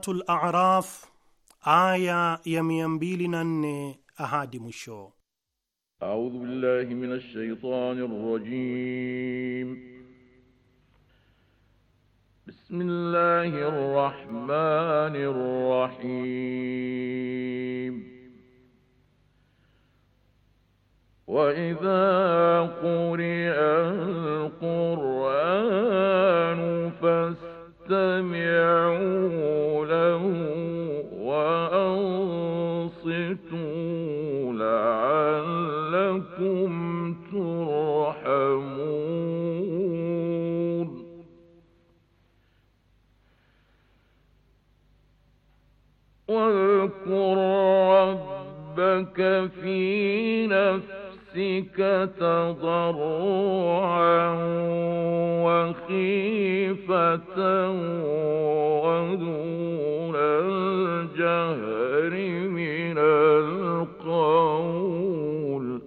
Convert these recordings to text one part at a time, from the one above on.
Suratul A'raf aya ya mia mbili na nne ahadi mwisho. A'udhu billahi minash shaitani rrajim. بسم الله الرحمن الرحيم وإذا قرئ القرآن فاستمعوا ربك في نفسك تضرعا وخيفة ودون الجهر من القول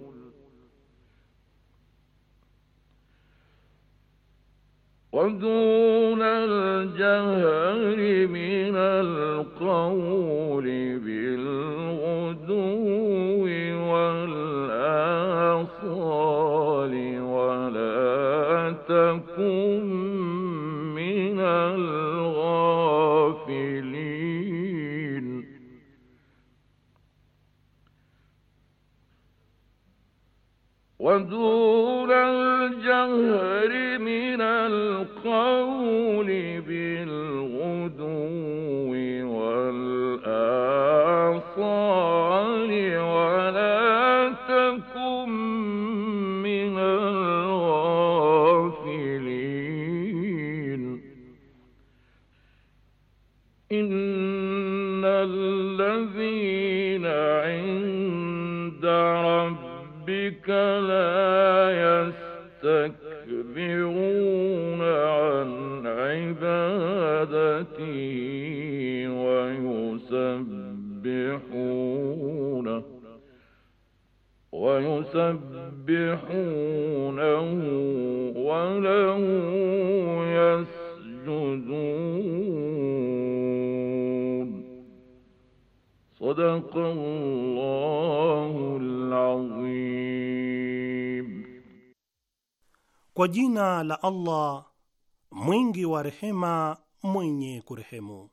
ودون الجهر من القول من الغافلين ودون الجهر من القول بالغدو والآصال ربك لا يستكبرون عن عبادته ويسبحونه ويسبحونه وله يسجدون صدق الله العظيم Kwa jina la Allah mwingi wa rehema, mwenye kurehemu.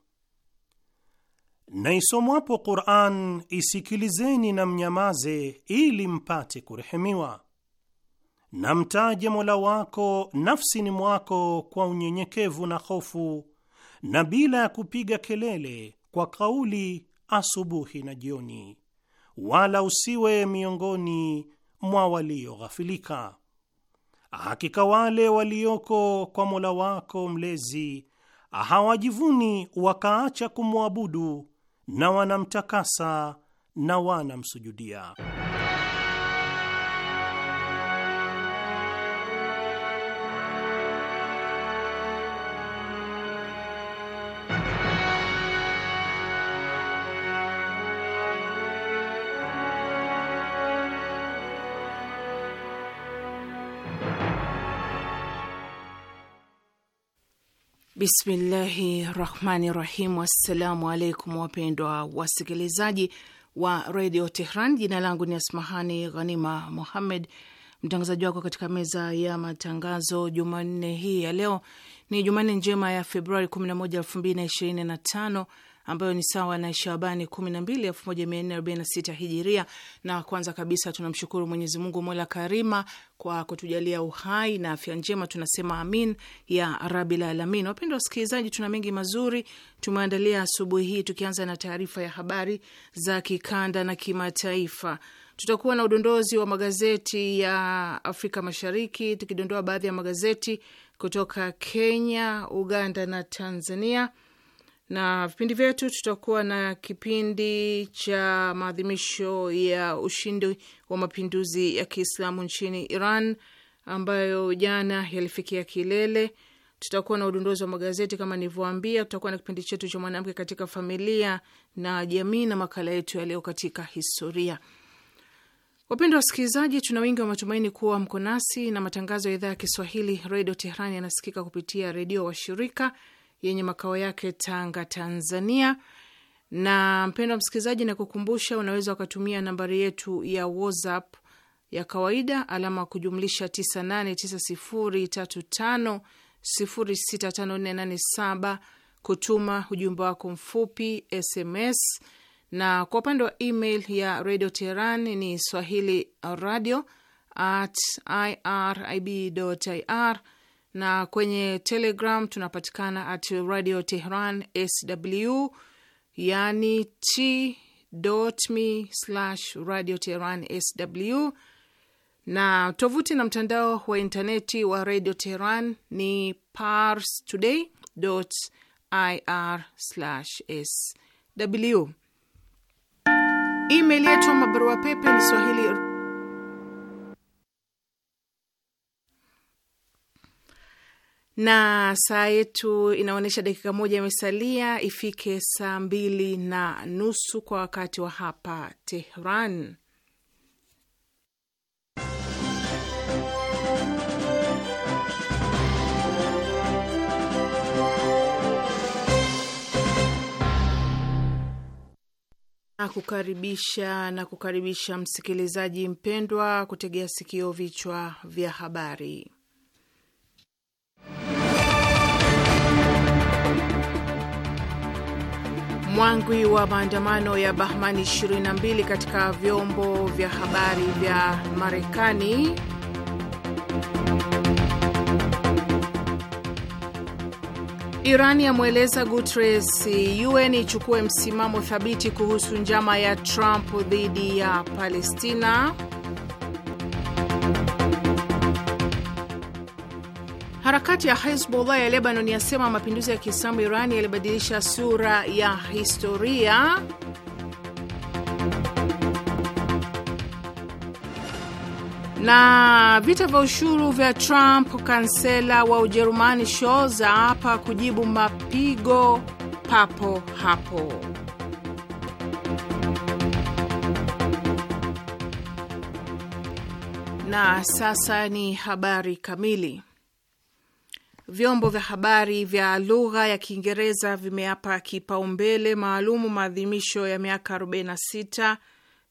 Na isomwapo Qur'an isikilizeni na mnyamaze, ili mpate kurehemiwa. Na mtaje Mola wako nafsini mwako kwa unyenyekevu na hofu, na bila ya kupiga kelele, kwa kauli asubuhi na jioni, wala usiwe miongoni mwa walioghafilika. Hakika wale walioko kwa Mola wako mlezi hawajivuni wakaacha kumwabudu na wanamtakasa na wanamsujudia. Bismillahi rahmani rahim. Assalamu alaikum wapendwa wasikilizaji wa redio Tehran. Jina langu ni Asmahani Ghanima Muhammed, mtangazaji wako katika meza ya matangazo. Jumanne hii ya leo ni Jumanne njema ya Februari 11, 2025 ambayo ni sawa na Shabani 12 1446 hijiria. Na kwanza kabisa tunamshukuru Mwenyezi Mungu mola karima kwa kutujalia uhai na afya njema, tunasema amin ya rabil alamin. Wapendwa wasikilizaji, tuna mengi mazuri tumeandalia asubuhi hii, tukianza na taarifa ya habari za kikanda na kimataifa. Tutakuwa na udondozi wa magazeti ya Afrika Mashariki, tukidondoa baadhi ya magazeti kutoka Kenya, Uganda na Tanzania na vipindi vyetu. Tutakuwa na kipindi cha maadhimisho ya ushindi wa mapinduzi ya Kiislamu nchini Iran ambayo jana yalifikia kilele. Tutakuwa na udondozi wa magazeti kama nilivyoambia. Tutakuwa na kipindi chetu cha mwanamke katika familia na jamii na makala yetu ya leo katika historia. Wapendwa wasikilizaji, tuna wingi wa matumaini kuwa mko nasi, na matangazo ya idhaa ya Kiswahili redio Tehrani yanasikika kupitia redio washirika yenye makao yake Tanga, Tanzania. Na mpendwa msikilizaji, na kukumbusha, unaweza ukatumia nambari yetu ya WhatsApp ya kawaida alama kujumlisha 989035065487 kutuma ujumbe wako mfupi SMS, na kwa upande wa email ya Radio Teheran ni swahili radio at irib.ir na kwenye Telegram tunapatikana at Radio Tehran sw, yani t.me slash Radio Tehran sw, na tovuti na mtandao wa intaneti wa Radio Tehran ni pars today ir sw. Email yetu ama barua pepe ni swahili na saa yetu inaonyesha dakika moja imesalia ifike saa mbili na nusu kwa wakati wa hapa Tehran. Kukaribisha na kukaribisha msikilizaji mpendwa kutegea sikio vichwa vya habari. Mwangwi wa maandamano ya Bahmani 22 katika vyombo vya habari vya Marekani. Iran yamweleza Guterres UN ichukue msimamo thabiti kuhusu njama ya Trump dhidi ya Palestina. Harakati ya Hezbollah ya Lebanon yasema mapinduzi ya Kiislamu Irani yalibadilisha sura ya historia. Na vita vya ushuru vya Trump, kansela wa Ujerumani Scholz hapa kujibu mapigo papo hapo. Na sasa ni habari kamili. Vyombo vya habari vya lugha ya Kiingereza vimeapa kipaumbele maalumu maadhimisho ya miaka 46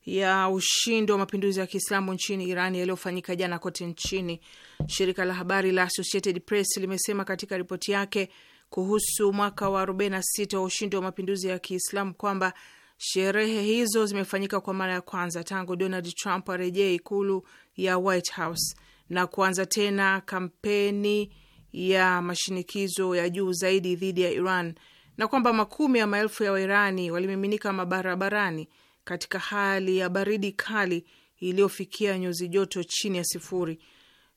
ya ushindi wa mapinduzi ya Kiislamu nchini Iran yaliyofanyika jana kote nchini. Shirika la habari la Associated Press limesema katika ripoti yake kuhusu mwaka wa 46 wa ushindi wa mapinduzi ya Kiislamu kwamba sherehe hizo zimefanyika kwa mara ya kwanza tangu Donald Trump arejee ikulu ya White House na kuanza tena kampeni ya mashinikizo ya juu zaidi dhidi ya Iran na kwamba makumi ya maelfu ya Wairani walimiminika mabarabarani katika hali ya baridi kali iliyofikia nyuzi joto chini ya sifuri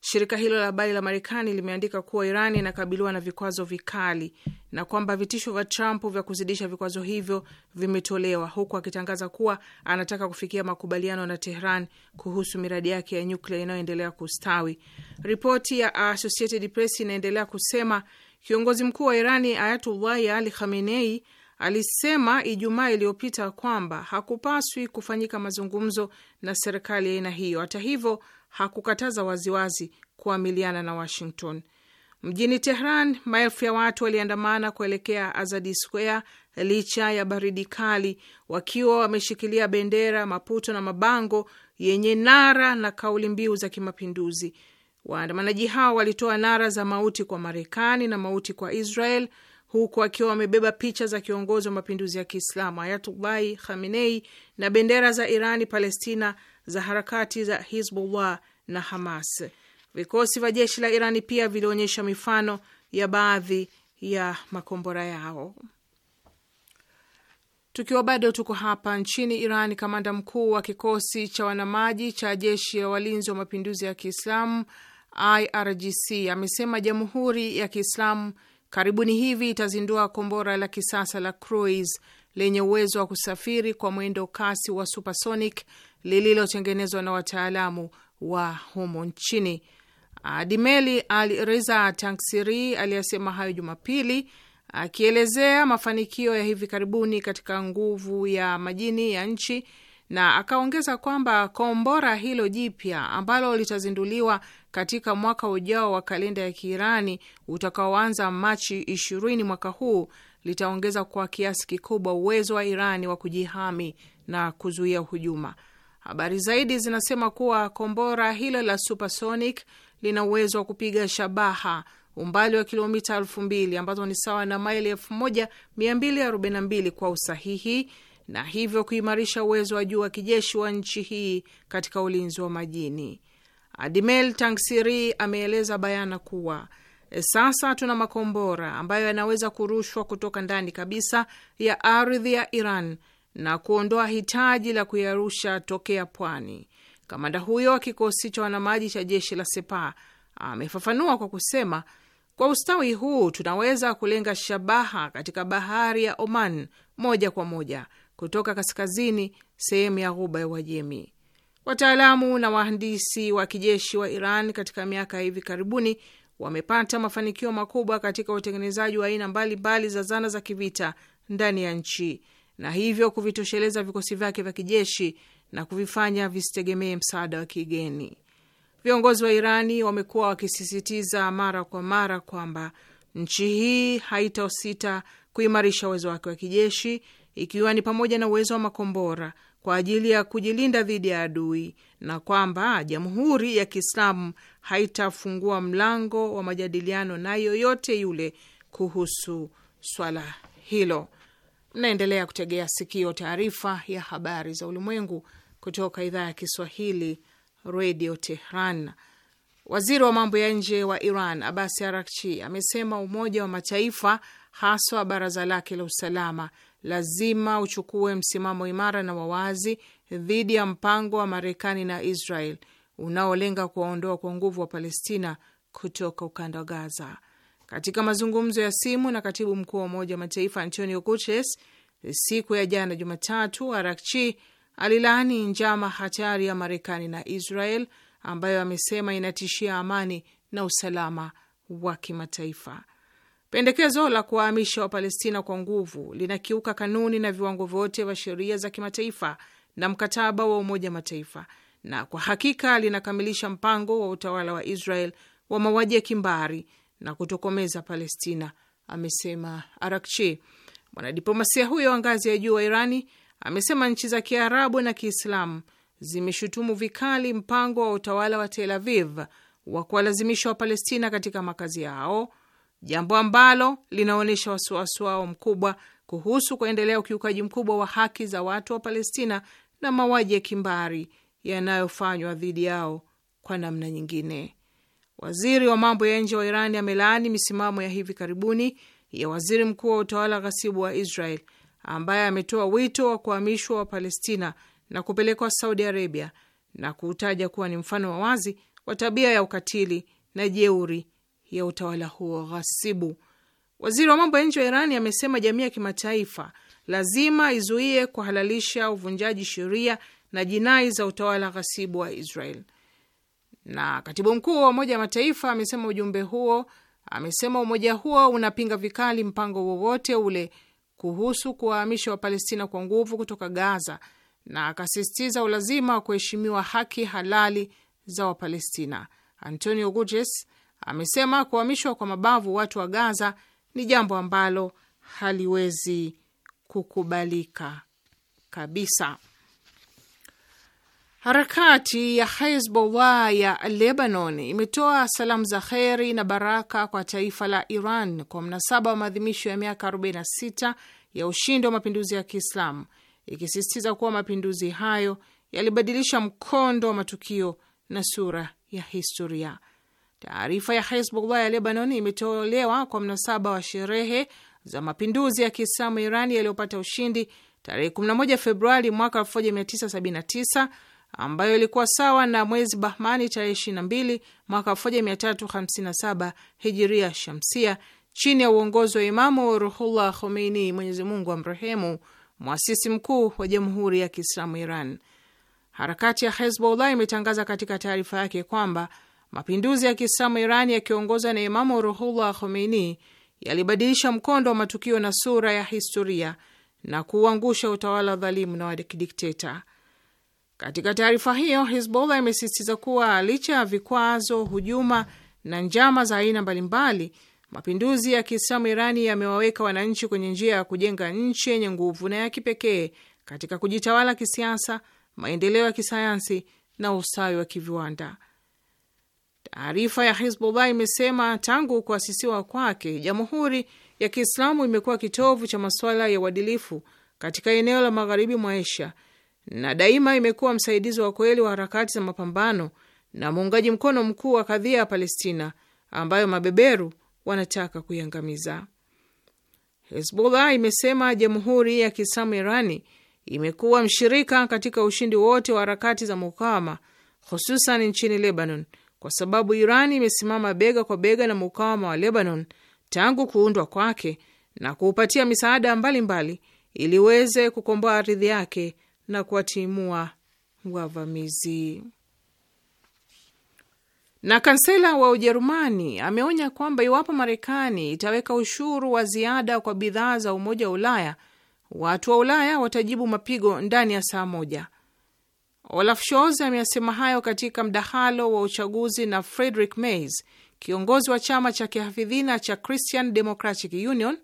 Shirika hilo la habari la Marekani limeandika kuwa Iran inakabiliwa na vikwazo vikali na kwamba vitisho vya Trump vya kuzidisha vikwazo hivyo vimetolewa, huku akitangaza kuwa anataka kufikia makubaliano na Tehran kuhusu miradi yake ya nyuklia inayoendelea kustawi. Ripoti ya Associated Press inaendelea kusema kiongozi mkuu wa Irani Ayatullahi Ali Khamenei alisema Ijumaa iliyopita kwamba hakupaswi kufanyika mazungumzo na serikali ya aina hiyo. Hata hivyo hakukataza waziwazi kuamiliana na Washington. Mjini Tehran, maelfu ya watu waliandamana kuelekea Azadi Square licha ya baridi kali, wakiwa wameshikilia bendera, maputo na mabango yenye nara na kauli mbiu za kimapinduzi. Waandamanaji hao walitoa nara za mauti kwa Marekani na mauti kwa Israel, huku wakiwa wamebeba picha za kiongozi wa mapinduzi ya Kiislamu Ayatullahi Khamenei na bendera za Irani, Palestina za harakati za Hizbullah na Hamas. Vikosi vya jeshi la Irani pia vilionyesha mifano ya baadhi ya makombora yao. Tukiwa bado tuko hapa nchini Iran, kamanda mkuu wa kikosi cha wanamaji cha jeshi ya walinzi wa mapinduzi ya Kiislamu IRGC amesema jamhuri ya Kiislamu karibuni hivi itazindua kombora la kisasa la cruise lenye uwezo wa kusafiri kwa mwendo kasi wa supersonic lililotengenezwa na wataalamu wa humo nchini. Adimeli Al Reza Tanksiri aliyesema hayo Jumapili akielezea mafanikio ya hivi karibuni katika nguvu ya majini ya nchi, na akaongeza kwamba kombora hilo jipya ambalo litazinduliwa katika mwaka ujao wa kalenda ya Kiirani utakaoanza Machi ishirini mwaka huu litaongeza kwa kiasi kikubwa uwezo wa Irani wa kujihami na kuzuia hujuma. Habari zaidi zinasema kuwa kombora hilo la supersonic lina uwezo wa kupiga shabaha umbali wa kilomita elfu mbili ambazo ni sawa na maili elfu moja mia mbili arobaini na mbili kwa usahihi na hivyo kuimarisha uwezo wa juu wa kijeshi wa nchi hii katika ulinzi wa majini. Admiral Tangsiri ameeleza bayana kuwa e, sasa tuna makombora ambayo yanaweza kurushwa kutoka ndani kabisa ya ardhi ya Iran na kuondoa hitaji la kuyarusha tokea pwani. Kamanda huyo wa kikosi cha wanamaji cha jeshi la Sepa amefafanua kwa kusema, kwa ustawi huu tunaweza kulenga shabaha katika bahari ya Oman moja kwa moja kutoka kaskazini, sehemu ya ghuba ya Uajemi. Wataalamu na wahandisi wa kijeshi wa Iran katika miaka ya hivi karibuni wamepata mafanikio makubwa katika utengenezaji wa aina mbalimbali za zana za kivita ndani ya nchi na hivyo kuvitosheleza vikosi vyake vya kijeshi na kuvifanya visitegemee msaada wa kigeni. Viongozi wa Irani wamekuwa wakisisitiza mara kwa mara kwamba nchi hii haitosita kuimarisha uwezo wake wa kijeshi, ikiwa ni pamoja na uwezo wa makombora kwa ajili ya kujilinda dhidi ya adui, na kwamba Jamhuri ya Kiislamu haitafungua mlango wa majadiliano na yoyote yule kuhusu swala hilo. Mnaendelea kutegea sikio taarifa ya habari za ulimwengu kutoka idhaa ya Kiswahili, Redio Tehran. Waziri wa mambo ya nje wa Iran abasi Arakchi amesema Umoja wa Mataifa, haswa baraza lake la usalama, lazima uchukue msimamo imara na wawazi dhidi ya mpango wa Marekani na Israel unaolenga kuwaondoa kwa nguvu wa Palestina kutoka ukanda wa Gaza. Katika mazungumzo ya simu na katibu mkuu wa Umoja wa Mataifa Antonio Guterres siku ya jana Jumatatu, Arakchi alilaani njama hatari ya Marekani na Israel ambayo amesema inatishia amani na usalama wa kimataifa. Pendekezo la kuwahamisha Wapalestina kwa nguvu linakiuka kanuni na viwango vyote vya sheria za kimataifa na mkataba wa Umoja Mataifa, na kwa hakika linakamilisha mpango wa utawala wa Israel wa mauaji ya kimbari na kutokomeza Palestina, amesema Arakchi. Mwanadiplomasia huyo wa ngazi ya juu wa Irani amesema nchi za Kiarabu na Kiislamu zimeshutumu vikali mpango wa utawala wa Tel Aviv wa kuwalazimisha Wapalestina katika makazi yao, jambo ambalo linaonyesha wasiwasi wao mkubwa kuhusu kuendelea ukiukaji mkubwa wa haki za watu wa Palestina na mauaji ya kimbari yanayofanywa dhidi yao kwa namna nyingine. Waziri wa mambo ya nje wa Irani amelaani misimamo ya hivi karibuni ya waziri mkuu wa utawala ghasibu wa Israel ambaye ametoa wito wa kuhamishwa wa Palestina na kupelekwa Saudi Arabia na kuutaja kuwa ni mfano wa wazi wa tabia ya ukatili na jeuri ya utawala huo ghasibu. Waziri wa mambo ya nje wa Irani amesema jamii ya kimataifa lazima izuie kuhalalisha uvunjaji sheria na jinai za utawala ghasibu wa Israel. Na katibu mkuu wa Umoja wa Mataifa amesema ujumbe huo, amesema umoja huo unapinga vikali mpango wowote ule kuhusu kuwahamisha Wapalestina kwa nguvu kutoka Gaza, na akasisitiza ulazima wa kuheshimiwa haki halali za Wapalestina. Antonio Guterres amesema kuhamishwa kwa mabavu watu wa Gaza ni jambo ambalo haliwezi kukubalika kabisa. Harakati ya Hezbollah ya Lebanon imetoa salamu za kheri na baraka kwa taifa la Iran kwa mnasaba wa maadhimisho ya miaka 46 ya ushindi wa mapinduzi ya Kiislamu, ikisisitiza kuwa mapinduzi hayo yalibadilisha mkondo wa matukio na sura ya historia. Taarifa ya Hezbollah ya Lebanon imetolewa kwa mnasaba wa sherehe za mapinduzi ya Kiislamu Iran yaliyopata ushindi tarehe 11 Februari mwaka 1979 ambayo ilikuwa sawa na mwezi Bahmani tarehe 22 mwaka 1357 hijiria shamsia, chini ya uongozi wa Imamu Ruhullah Khomeini, Mwenyezi Mungu amrehemu, mwasisi mkuu wa Jamhuri ya Kiislamu Iran. Harakati ya Hezbollah imetangaza katika taarifa yake kwamba mapinduzi ya Kiislamu Iran yakiongozwa na Imamu Ruhullah Khomeini yalibadilisha mkondo wa matukio na sura ya historia na kuuangusha utawala wa dhalimu na wa kidikteta. Katika taarifa hiyo, Hizbullah imesisitiza kuwa licha ya vikwazo, hujuma na njama za aina mbalimbali, mapinduzi ya Kiislamu Irani yamewaweka wananchi kwenye njia ya kujenga nchi yenye nguvu na ya kipekee katika kujitawala kisiasa, maendeleo ya kisayansi na ustawi wa kiviwanda. Taarifa ya Hizbullah imesema tangu kuasisiwa kwake, jamhuri ya Kiislamu imekuwa kitovu cha masuala ya uadilifu katika eneo la magharibi mwa Asia na daima imekuwa msaidizi wa kweli wa harakati za mapambano na muungaji mkono mkuu wa kadhia ya Palestina ambayo mabeberu wanataka kuiangamiza. Hezbollah imesema jamhuri ya Kiislamu Irani imekuwa mshirika katika ushindi wote wa harakati za mukawama, hususan nchini Lebanon, kwa sababu Irani imesimama bega kwa bega na mukawama wa Lebanon tangu kuundwa kwake na kuupatia misaada mbalimbali ili iweze kukomboa ardhi yake na kuwatimua wavamizi. Na kansela wa Ujerumani ameonya kwamba iwapo Marekani itaweka ushuru wa ziada kwa bidhaa za Umoja wa Ulaya, watu wa Ulaya watajibu mapigo ndani ya saa moja. Olaf Scholz ameyasema hayo katika mdahalo wa uchaguzi na Friedrich Merz, kiongozi wa chama cha kihafidhina cha Christian Democratic Union,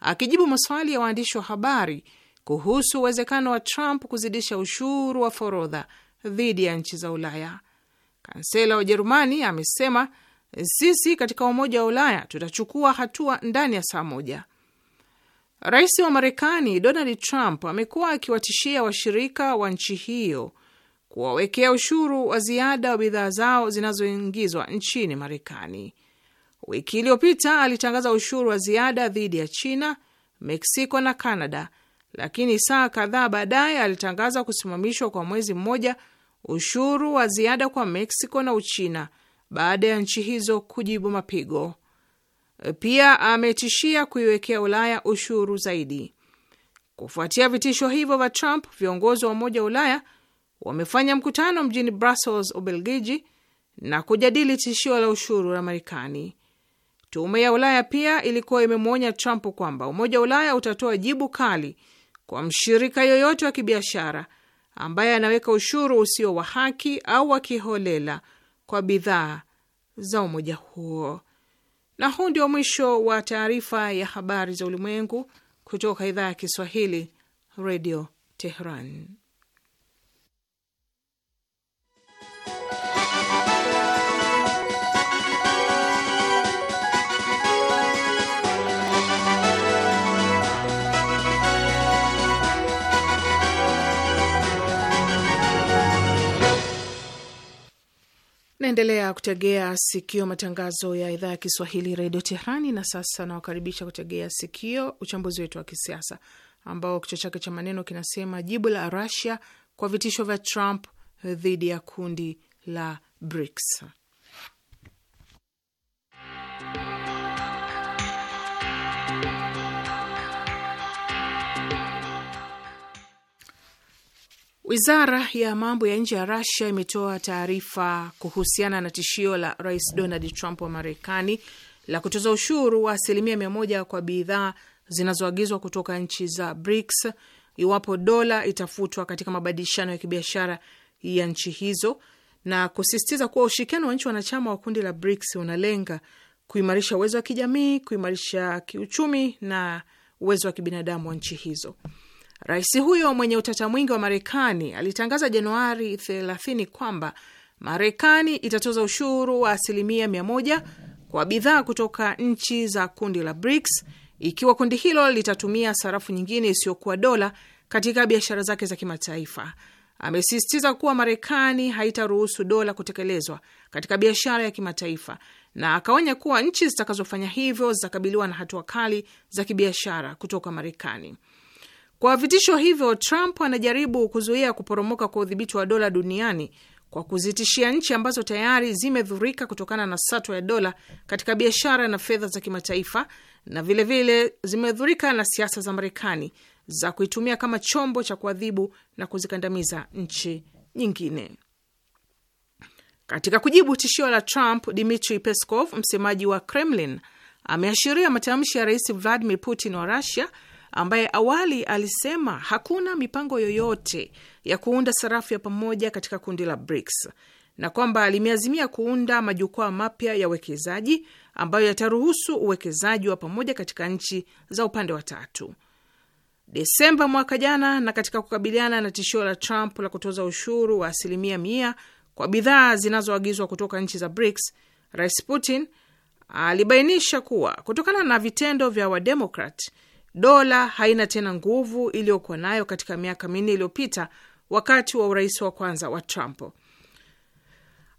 akijibu maswali ya waandishi wa habari kuhusu uwezekano wa Trump kuzidisha ushuru wa forodha dhidi ya nchi za Ulaya. Kansela wa Ujerumani amesema sisi katika Umoja wa Ulaya tutachukua hatua ndani ya saa moja. Rais wa Marekani Donald Trump amekuwa akiwatishia washirika wa nchi hiyo kuwawekea ushuru wa ziada wa bidhaa zao zinazoingizwa nchini Marekani. Wiki iliyopita alitangaza ushuru wa ziada dhidi ya China, Meksiko na Kanada lakini saa kadhaa baadaye alitangaza kusimamishwa kwa mwezi mmoja ushuru wa ziada kwa Mexico na Uchina baada ya nchi hizo kujibu mapigo. Pia ametishia kuiwekea Ulaya ushuru zaidi. Kufuatia vitisho hivyo vya Trump, viongozi wa Umoja wa Ulaya wamefanya mkutano mjini Brussels, Ubelgiji, na kujadili tishio la ushuru la Marekani. Tume ya Ulaya pia ilikuwa imemwonya Trump kwamba Umoja wa Ulaya utatoa jibu kali kwa mshirika yoyote wa kibiashara ambaye anaweka ushuru usio wa haki au wa kiholela kwa bidhaa za umoja huo. Na huu ndio mwisho wa taarifa ya habari za ulimwengu kutoka idhaa ya Kiswahili, Redio Tehran. Naendelea kutegea sikio matangazo ya idhaa ya Kiswahili redio Tehrani. Na sasa nawakaribisha kutegea sikio uchambuzi wetu wa kisiasa ambao kichwa chake cha maneno kinasema jibu la Russia kwa vitisho vya Trump dhidi ya kundi la BRICS. Wizara ya mambo ya nje ya rusia imetoa taarifa kuhusiana na tishio la Rais Donald Trump wa Marekani la kutoza ushuru wa asilimia mia moja kwa bidhaa zinazoagizwa kutoka nchi za BRICS iwapo dola itafutwa katika mabadilishano ya kibiashara ya nchi hizo na kusisitiza kuwa ushirikiano wa nchi wanachama wa kundi la BRICS unalenga kuimarisha uwezo wa kijamii, kuimarisha kiuchumi na uwezo wa kibinadamu wa nchi hizo. Rais huyo mwenye utata mwingi wa Marekani alitangaza Januari 30 kwamba Marekani itatoza ushuru wa asilimia 1 kwa bidhaa kutoka nchi za kundi la BRICS ikiwa kundi hilo litatumia sarafu nyingine isiyokuwa dola katika biashara zake za kimataifa. Amesisitiza kuwa Marekani haitaruhusu dola kutekelezwa katika biashara ya kimataifa, na akaonya kuwa nchi zitakazofanya hivyo zitakabiliwa na hatua kali za kibiashara kutoka Marekani. Kwa vitisho hivyo, Trump anajaribu kuzuia kuporomoka kwa udhibiti wa dola duniani kwa kuzitishia nchi ambazo tayari zimedhurika kutokana na satwa ya dola katika biashara na fedha za kimataifa na vilevile zimedhurika na siasa za Marekani za kuitumia kama chombo cha kuadhibu na kuzikandamiza nchi nyingine. Katika kujibu tishio la Trump, Dmitri Peskov, msemaji wa Kremlin, ameashiria matamshi ya Rais Vladimir Putin wa rusia ambaye awali alisema hakuna mipango yoyote ya kuunda sarafu ya pamoja katika kundi la BRICS na kwamba limeazimia kuunda majukwaa mapya ya uwekezaji ambayo yataruhusu uwekezaji wa pamoja katika nchi za upande wa tatu. Desemba mwaka jana, na katika kukabiliana na tishio la Trump la kutoza ushuru wa asilimia mia kwa bidhaa zinazoagizwa kutoka nchi za BRICS, Rais Putin alibainisha kuwa kutokana na vitendo vya Wademokrat Dola haina tena nguvu iliyokuwa nayo katika miaka minne iliyopita wakati wa urais wa kwanza wa Trump.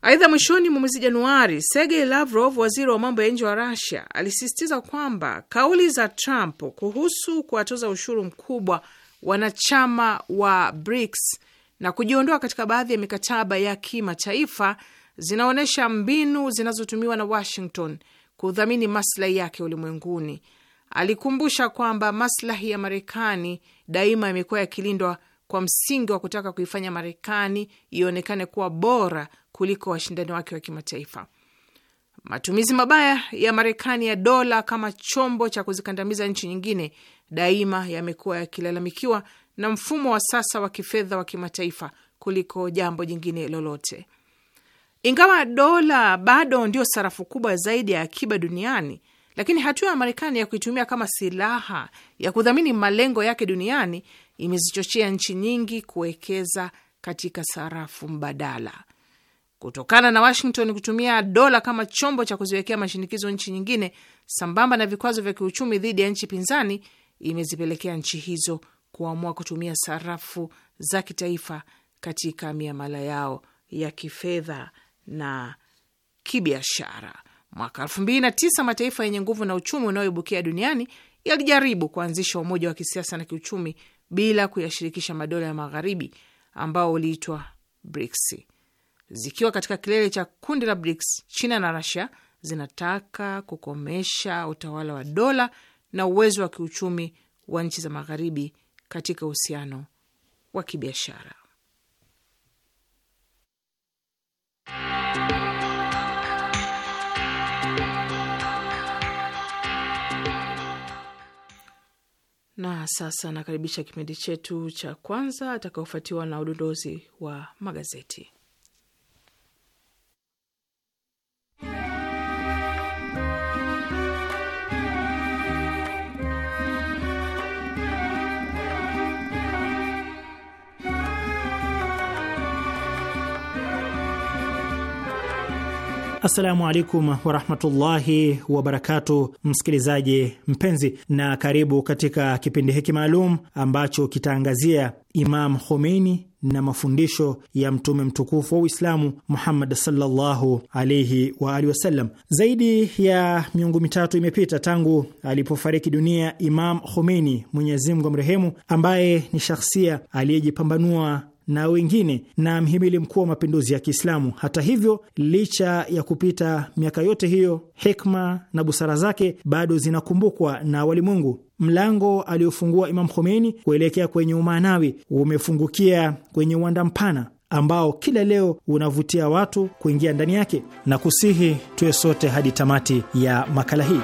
Aidha, mwishoni mwa mwezi Januari, Sergei Lavrov, waziri wa mambo ya nje wa Rusia, alisisitiza kwamba kauli za Trump kuhusu kuwatoza ushuru mkubwa wanachama wa BRICS na kujiondoa katika baadhi ya mikataba ya kimataifa zinaonyesha mbinu zinazotumiwa na Washington kudhamini maslahi yake ulimwenguni Alikumbusha kwamba maslahi ya Marekani daima yamekuwa yakilindwa kwa msingi wa kutaka kuifanya Marekani ionekane kuwa bora kuliko washindani wake wa kimataifa. Matumizi mabaya ya Marekani ya dola kama chombo cha kuzikandamiza nchi nyingine daima yamekuwa yakilalamikiwa na mfumo wa sasa wa kifedha wa kimataifa kuliko jambo jingine lolote. Ingawa dola bado ndio sarafu kubwa zaidi ya akiba duniani lakini hatua ya Marekani ya kuitumia kama silaha ya kudhamini malengo yake duniani imezichochea nchi nyingi kuwekeza katika sarafu mbadala. Kutokana na Washington kutumia dola kama chombo cha kuziwekea mashinikizo nchi nyingine, sambamba na vikwazo vya kiuchumi dhidi ya nchi pinzani, imezipelekea nchi hizo kuamua kutumia sarafu za kitaifa katika miamala yao ya kifedha na kibiashara. Mwaka tisa mataifa yenye nguvu na uchumi unaoibukia duniani yalijaribu kuanzisha umoja wa kisiasa na kiuchumi bila kuyashirikisha madola ya magharibi ambao uliitwa BRICS. Zikiwa katika kilele cha kundi la BRICS, China na Russia zinataka kukomesha utawala wa dola na uwezo wa kiuchumi wa nchi za magharibi katika uhusiano wa kibiashara. Na sasa nakaribisha kipindi chetu cha kwanza atakaofuatiwa na udondozi wa magazeti. Assalamu alaikum warahmatullahi wabarakatu msikilizaji mpenzi, na karibu katika kipindi hiki maalum ambacho kitaangazia Imam Khomeini na mafundisho ya mtume mtukufu wa Uislamu Muhammad sallallahu alaihi wa alihi wasallam. Zaidi ya miongo mitatu imepita tangu alipofariki dunia Imam Khomeini, Mwenyezi Mungu amrehemu, ambaye ni shakhsia aliyejipambanua na wengine na mhimili mkuu wa mapinduzi ya Kiislamu. Hata hivyo, licha ya kupita miaka yote hiyo, hekma na busara zake bado zinakumbukwa na walimwengu. Mlango aliofungua Imam Khomeini kuelekea kwenye umaanawi umefungukia kwenye uwanda mpana ambao kila leo unavutia watu kuingia ndani yake, na kusihi tuwe sote hadi tamati ya makala hii.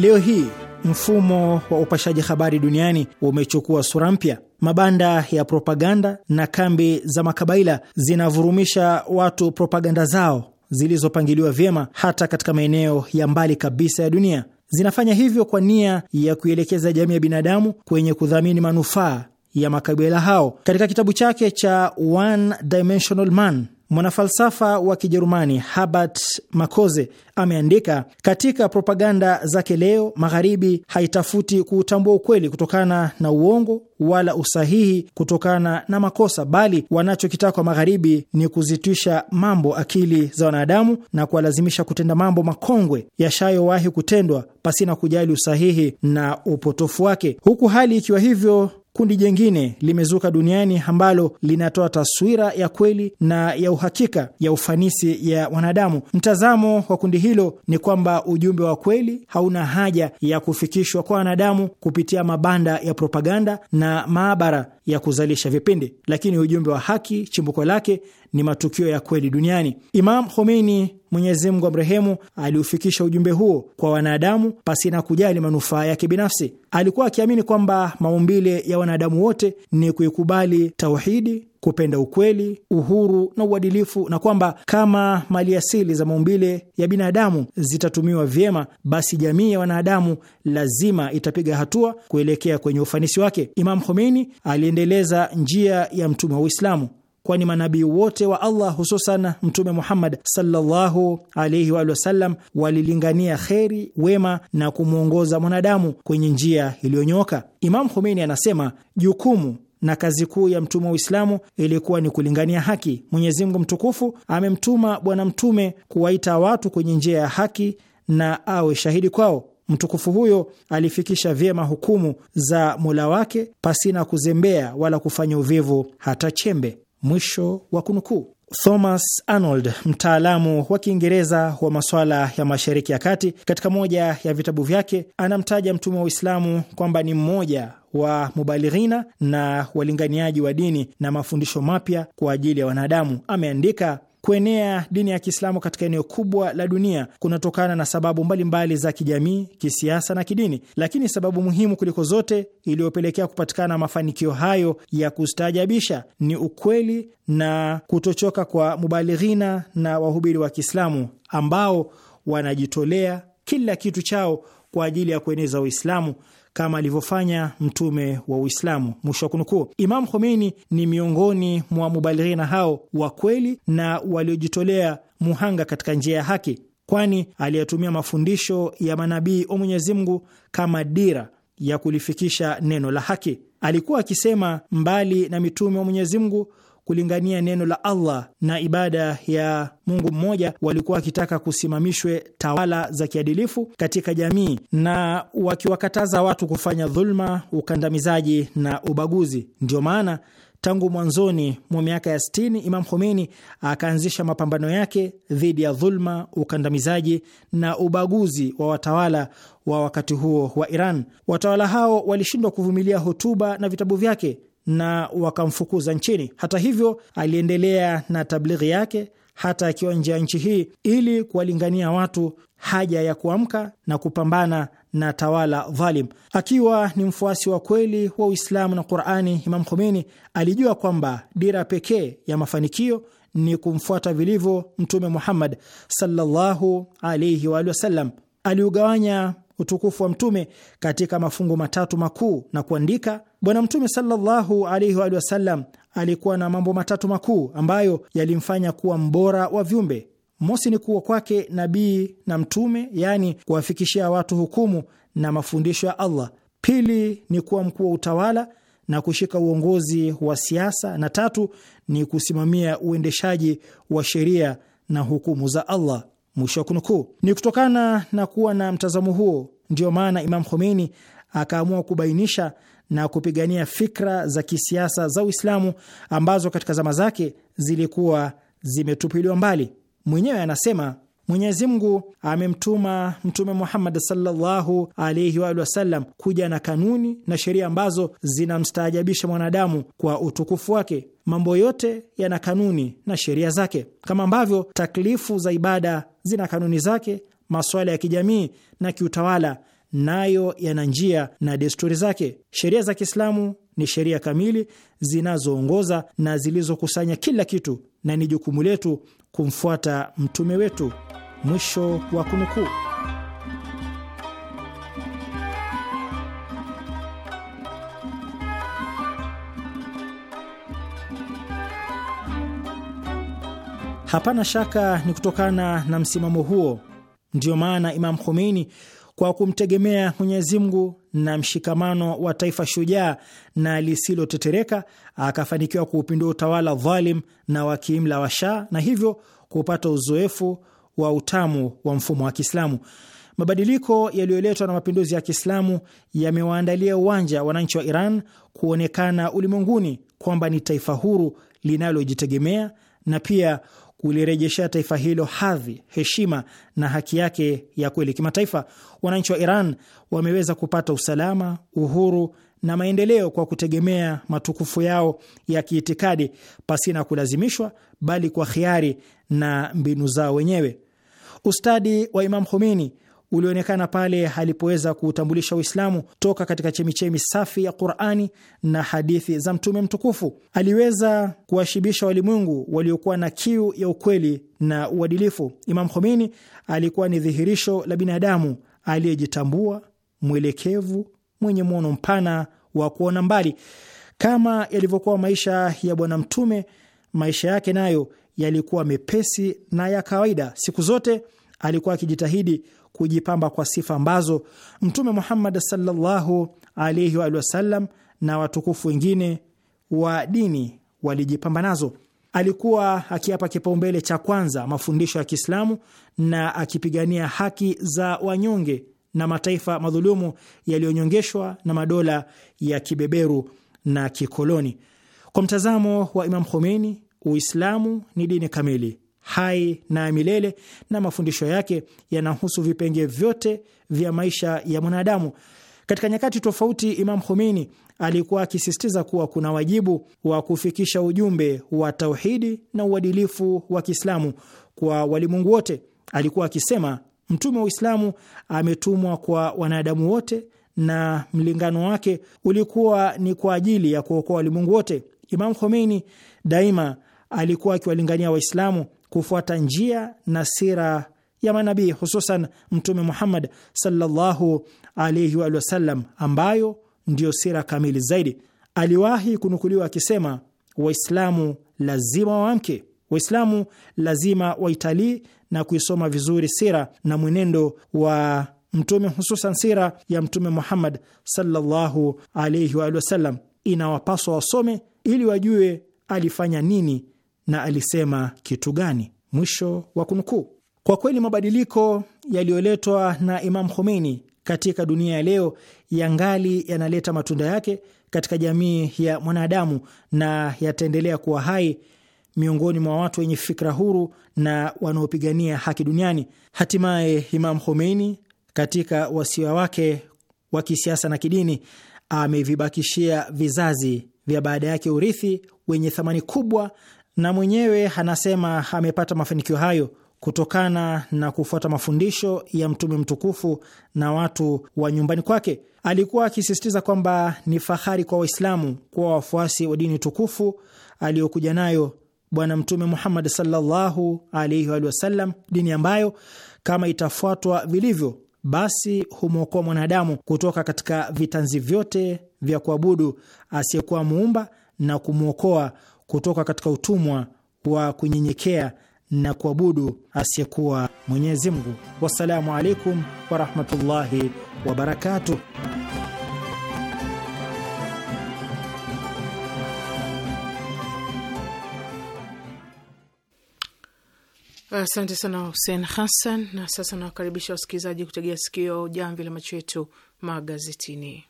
Leo hii mfumo wa upashaji habari duniani umechukua sura mpya. Mabanda ya propaganda na kambi za makabaila zinavurumisha watu propaganda zao zilizopangiliwa vyema, hata katika maeneo ya mbali kabisa ya dunia. Zinafanya hivyo kwa nia ya kuielekeza jamii ya binadamu kwenye kudhamini manufaa ya makabila hao. Katika kitabu chake cha One Dimensional Man Mwanafalsafa wa Kijerumani Herbert Marcuse ameandika, katika propaganda zake leo Magharibi haitafuti kuutambua ukweli kutokana na uongo wala usahihi kutokana na makosa, bali wanachokitaka wa Magharibi ni kuzitwisha mambo akili za wanadamu na kuwalazimisha kutenda mambo makongwe yashayowahi kutendwa pasina kujali usahihi na upotofu wake, huku hali ikiwa hivyo Kundi jengine limezuka duniani ambalo linatoa taswira ya kweli na ya uhakika ya ufanisi ya wanadamu. Mtazamo wa kundi hilo ni kwamba ujumbe wa kweli hauna haja ya kufikishwa kwa wanadamu kupitia mabanda ya propaganda na maabara ya kuzalisha vipindi, lakini ujumbe wa haki chimbuko lake ni matukio ya kweli duniani. Imam Khomeini, Mwenyezi Mungu amrehemu, aliufikisha ujumbe huo kwa wanadamu pasina kujali manufaa yake binafsi. Alikuwa akiamini kwamba maumbile ya wanadamu wote ni kuikubali tauhidi kupenda ukweli, uhuru na uadilifu, na kwamba kama maliasili za maumbile ya binadamu zitatumiwa vyema, basi jamii ya wanadamu lazima itapiga hatua kuelekea kwenye ufanisi wake. Imam Khomeini aliendeleza njia ya mtume wa Uislamu, kwani manabii wote wa Allah hususan Mtume Muhammad sallallahu alaihi wa sallam walilingania kheri, wema na kumwongoza mwanadamu kwenye njia iliyonyooka. Imam Khomeini anasema jukumu na kazi kuu ya mtume wa Uislamu ilikuwa ni kulingania haki. Mwenyezi Mungu mtukufu amemtuma Bwana Mtume kuwaita watu kwenye njia ya haki na awe shahidi kwao. Mtukufu huyo alifikisha vyema hukumu za Mola wake pasina kuzembea wala kufanya uvivu hata chembe. Mwisho wa kunukuu. Thomas Arnold, mtaalamu wa Kiingereza wa masuala ya Mashariki ya Kati, katika moja ya vitabu vyake anamtaja mtume wa Uislamu kwamba ni mmoja wa mubalighina na walinganiaji wa dini na mafundisho mapya kwa ajili ya wanadamu. Ameandika Kuenea dini ya Kiislamu katika eneo kubwa la dunia kunatokana na sababu mbalimbali mbali za kijamii, kisiasa na kidini, lakini sababu muhimu kuliko zote iliyopelekea kupatikana mafanikio hayo ya kustaajabisha ni ukweli na kutochoka kwa mubalighina na wahubiri wa Kiislamu ambao wanajitolea kila kitu chao kwa ajili ya kueneza Uislamu kama alivyofanya mtume wa Uislamu, mwisho wa kunukuu. imamu Khomeini ni miongoni mwa mubalighina hao wa kweli na waliojitolea muhanga katika njia ya haki, kwani aliyatumia mafundisho ya manabii wa Mwenyezi Mungu kama dira ya kulifikisha neno la haki. Alikuwa akisema, mbali na mitume wa Mwenyezi Mungu kulingania neno la Allah na ibada ya Mungu mmoja, walikuwa wakitaka kusimamishwe tawala za kiadilifu katika jamii na wakiwakataza watu kufanya dhulma, ukandamizaji na ubaguzi. Ndiyo maana tangu mwanzoni mwa miaka ya 60 Imam Khomeini akaanzisha mapambano yake dhidi ya dhulma, ukandamizaji na ubaguzi wa watawala wa wakati huo wa Iran. Watawala hao walishindwa kuvumilia hotuba na vitabu vyake na wakamfukuza nchini. Hata hivyo, aliendelea na tablighi yake hata akiwa nje ya nchi hii ili kuwalingania watu haja ya kuamka na kupambana na tawala dhalim. Akiwa ni mfuasi wa kweli wa Uislamu na Qurani, Imam Khomeini alijua kwamba dira pekee ya mafanikio ni kumfuata vilivyo Mtume Muhammad sallallahu alaihi waalihi wasallam. Aliugawanya utukufu wa Mtume katika mafungu matatu makuu na kuandika Bwana Mtume sallallahu alaihi wa sallam alikuwa na mambo matatu makuu ambayo yalimfanya kuwa mbora wa viumbe. Mosi ni kuwa kwake nabii na mtume, yaani kuwafikishia watu hukumu na mafundisho ya Allah. Pili ni kuwa mkuu wa utawala na kushika uongozi wa siasa, na tatu ni kusimamia uendeshaji wa sheria na hukumu za Allah. Mwisho wa kunukuu. Ni kutokana na kuwa na mtazamo huo ndiyo maana Imam Khomeini akaamua kubainisha na kupigania fikra za kisiasa za Uislamu ambazo katika zama zake zilikuwa zimetupiliwa mbali. Mwenyewe anasema Mwenyezi Mungu amemtuma Mtume Muhammad sallallahu alaihi wa wasallam kuja na kanuni na sheria ambazo zinamstaajabisha mwanadamu kwa utukufu wake. Mambo yote yana kanuni na sheria zake, kama ambavyo taklifu za ibada zina kanuni zake, masuala ya kijamii na kiutawala nayo yana njia na desturi zake. Sheria za Kiislamu ni sheria kamili zinazoongoza na zilizokusanya kila kitu, na ni jukumu letu kumfuata mtume wetu. Mwisho wa kunukuu. Hapana shaka ni kutokana na msimamo huo ndiyo maana Imam Khomeini kwa kumtegemea Mwenyezi Mungu na mshikamano wa taifa shujaa na lisilotetereka, akafanikiwa kuupindua utawala dhalim na wa kiimla wa Shah na hivyo kupata uzoefu wa utamu wa mfumo wa Kiislamu. Mabadiliko yaliyoletwa na mapinduzi ya Kiislamu yamewaandalia uwanja wananchi wa Iran kuonekana ulimwenguni kwamba ni taifa huru linalojitegemea na pia kulirejeshea taifa hilo hadhi, heshima na haki yake ya kweli kimataifa. Wananchi wa Iran wameweza kupata usalama, uhuru na maendeleo kwa kutegemea matukufu yao ya kiitikadi pasina kulazimishwa, bali kwa khiari na mbinu zao wenyewe. Ustadi wa Imam Khomeini ulionekana pale alipoweza kuutambulisha Uislamu toka katika chemichemi safi ya Qurani na hadithi za Mtume mtukufu. Aliweza kuwashibisha walimwengu waliokuwa na kiu ya ukweli na uadilifu. Imam Khomeini alikuwa ni dhihirisho la binadamu aliyejitambua, mwelekevu, mwenye mwono mpana wa kuona mbali. Kama yalivyokuwa maisha ya Bwana Mtume, maisha yake nayo yalikuwa mepesi na ya kawaida. Siku zote alikuwa akijitahidi kujipamba kwa sifa ambazo Mtume Muhammad sallallahu alaihi wa sallam na watukufu wengine wa dini walijipamba nazo. Alikuwa akiapa kipaumbele cha kwanza mafundisho ya Kiislamu na akipigania haki za wanyonge na mataifa madhulumu yaliyonyongeshwa na madola ya kibeberu na kikoloni. Kwa mtazamo wa Imam Khomeini, Uislamu ni dini kamili hai na milele, na mafundisho yake yanahusu vipenge vyote vya maisha ya mwanadamu. Katika nyakati tofauti, Imam Khomeini alikuwa akisisitiza kuwa kuna wajibu wa kufikisha ujumbe wa tauhidi na uadilifu wa Kiislamu kwa walimwengu wote. Alikuwa akisema, mtume wa Uislamu ametumwa kwa wanadamu wote na mlingano wake ulikuwa ni kwa ajili ya kuokoa walimwengu wote. Imam Khomeini daima alikuwa akiwalingania Waislamu kufuata njia na sira ya manabii hususan Mtume Muhammad sallallahu alaihi wa sallam, ambayo ndiyo sira kamili zaidi. Aliwahi kunukuliwa akisema, Waislamu lazima waamke, Waislamu lazima waitalii na kuisoma vizuri sira na mwenendo wa Mtume, hususan sira ya Mtume Muhammad sallallahu alaihi wa sallam. Inawapaswa wasome ili wajue alifanya nini na alisema kitu gani? Mwisho wa kunukuu. Kwa kweli mabadiliko yaliyoletwa na Imam Khomeini katika dunia ya leo yangali yanaleta matunda yake katika jamii ya mwanadamu na yataendelea kuwa hai miongoni mwa watu wenye fikra huru na wanaopigania haki duniani. Hatimaye Imam Khomeini katika wasia wake wa kisiasa na kidini amevibakishia vizazi vya baada yake urithi wenye thamani kubwa na mwenyewe anasema amepata mafanikio hayo kutokana na kufuata mafundisho ya Mtume mtukufu na watu wa nyumbani kwake. Alikuwa akisisitiza kwamba ni fahari kwa Waislamu kuwa wafuasi wa dini tukufu aliyokuja nayo Bwana Mtume Muhammad sallallahu alaihi wasallam, dini ambayo kama itafuatwa vilivyo, basi humwokoa mwanadamu kutoka katika vitanzi vyote vya kuabudu asiyekuwa muumba na kumwokoa kutoka katika utumwa wa kunyenyekea na kuabudu asiyekuwa Mwenyezi Mungu. Wassalamu alaikum warahmatullahi wabarakatuh. Asante sana Hussein Hassan. Na sasa nawakaribisha wasikilizaji kutegea sikio jamvi la macho yetu magazetini.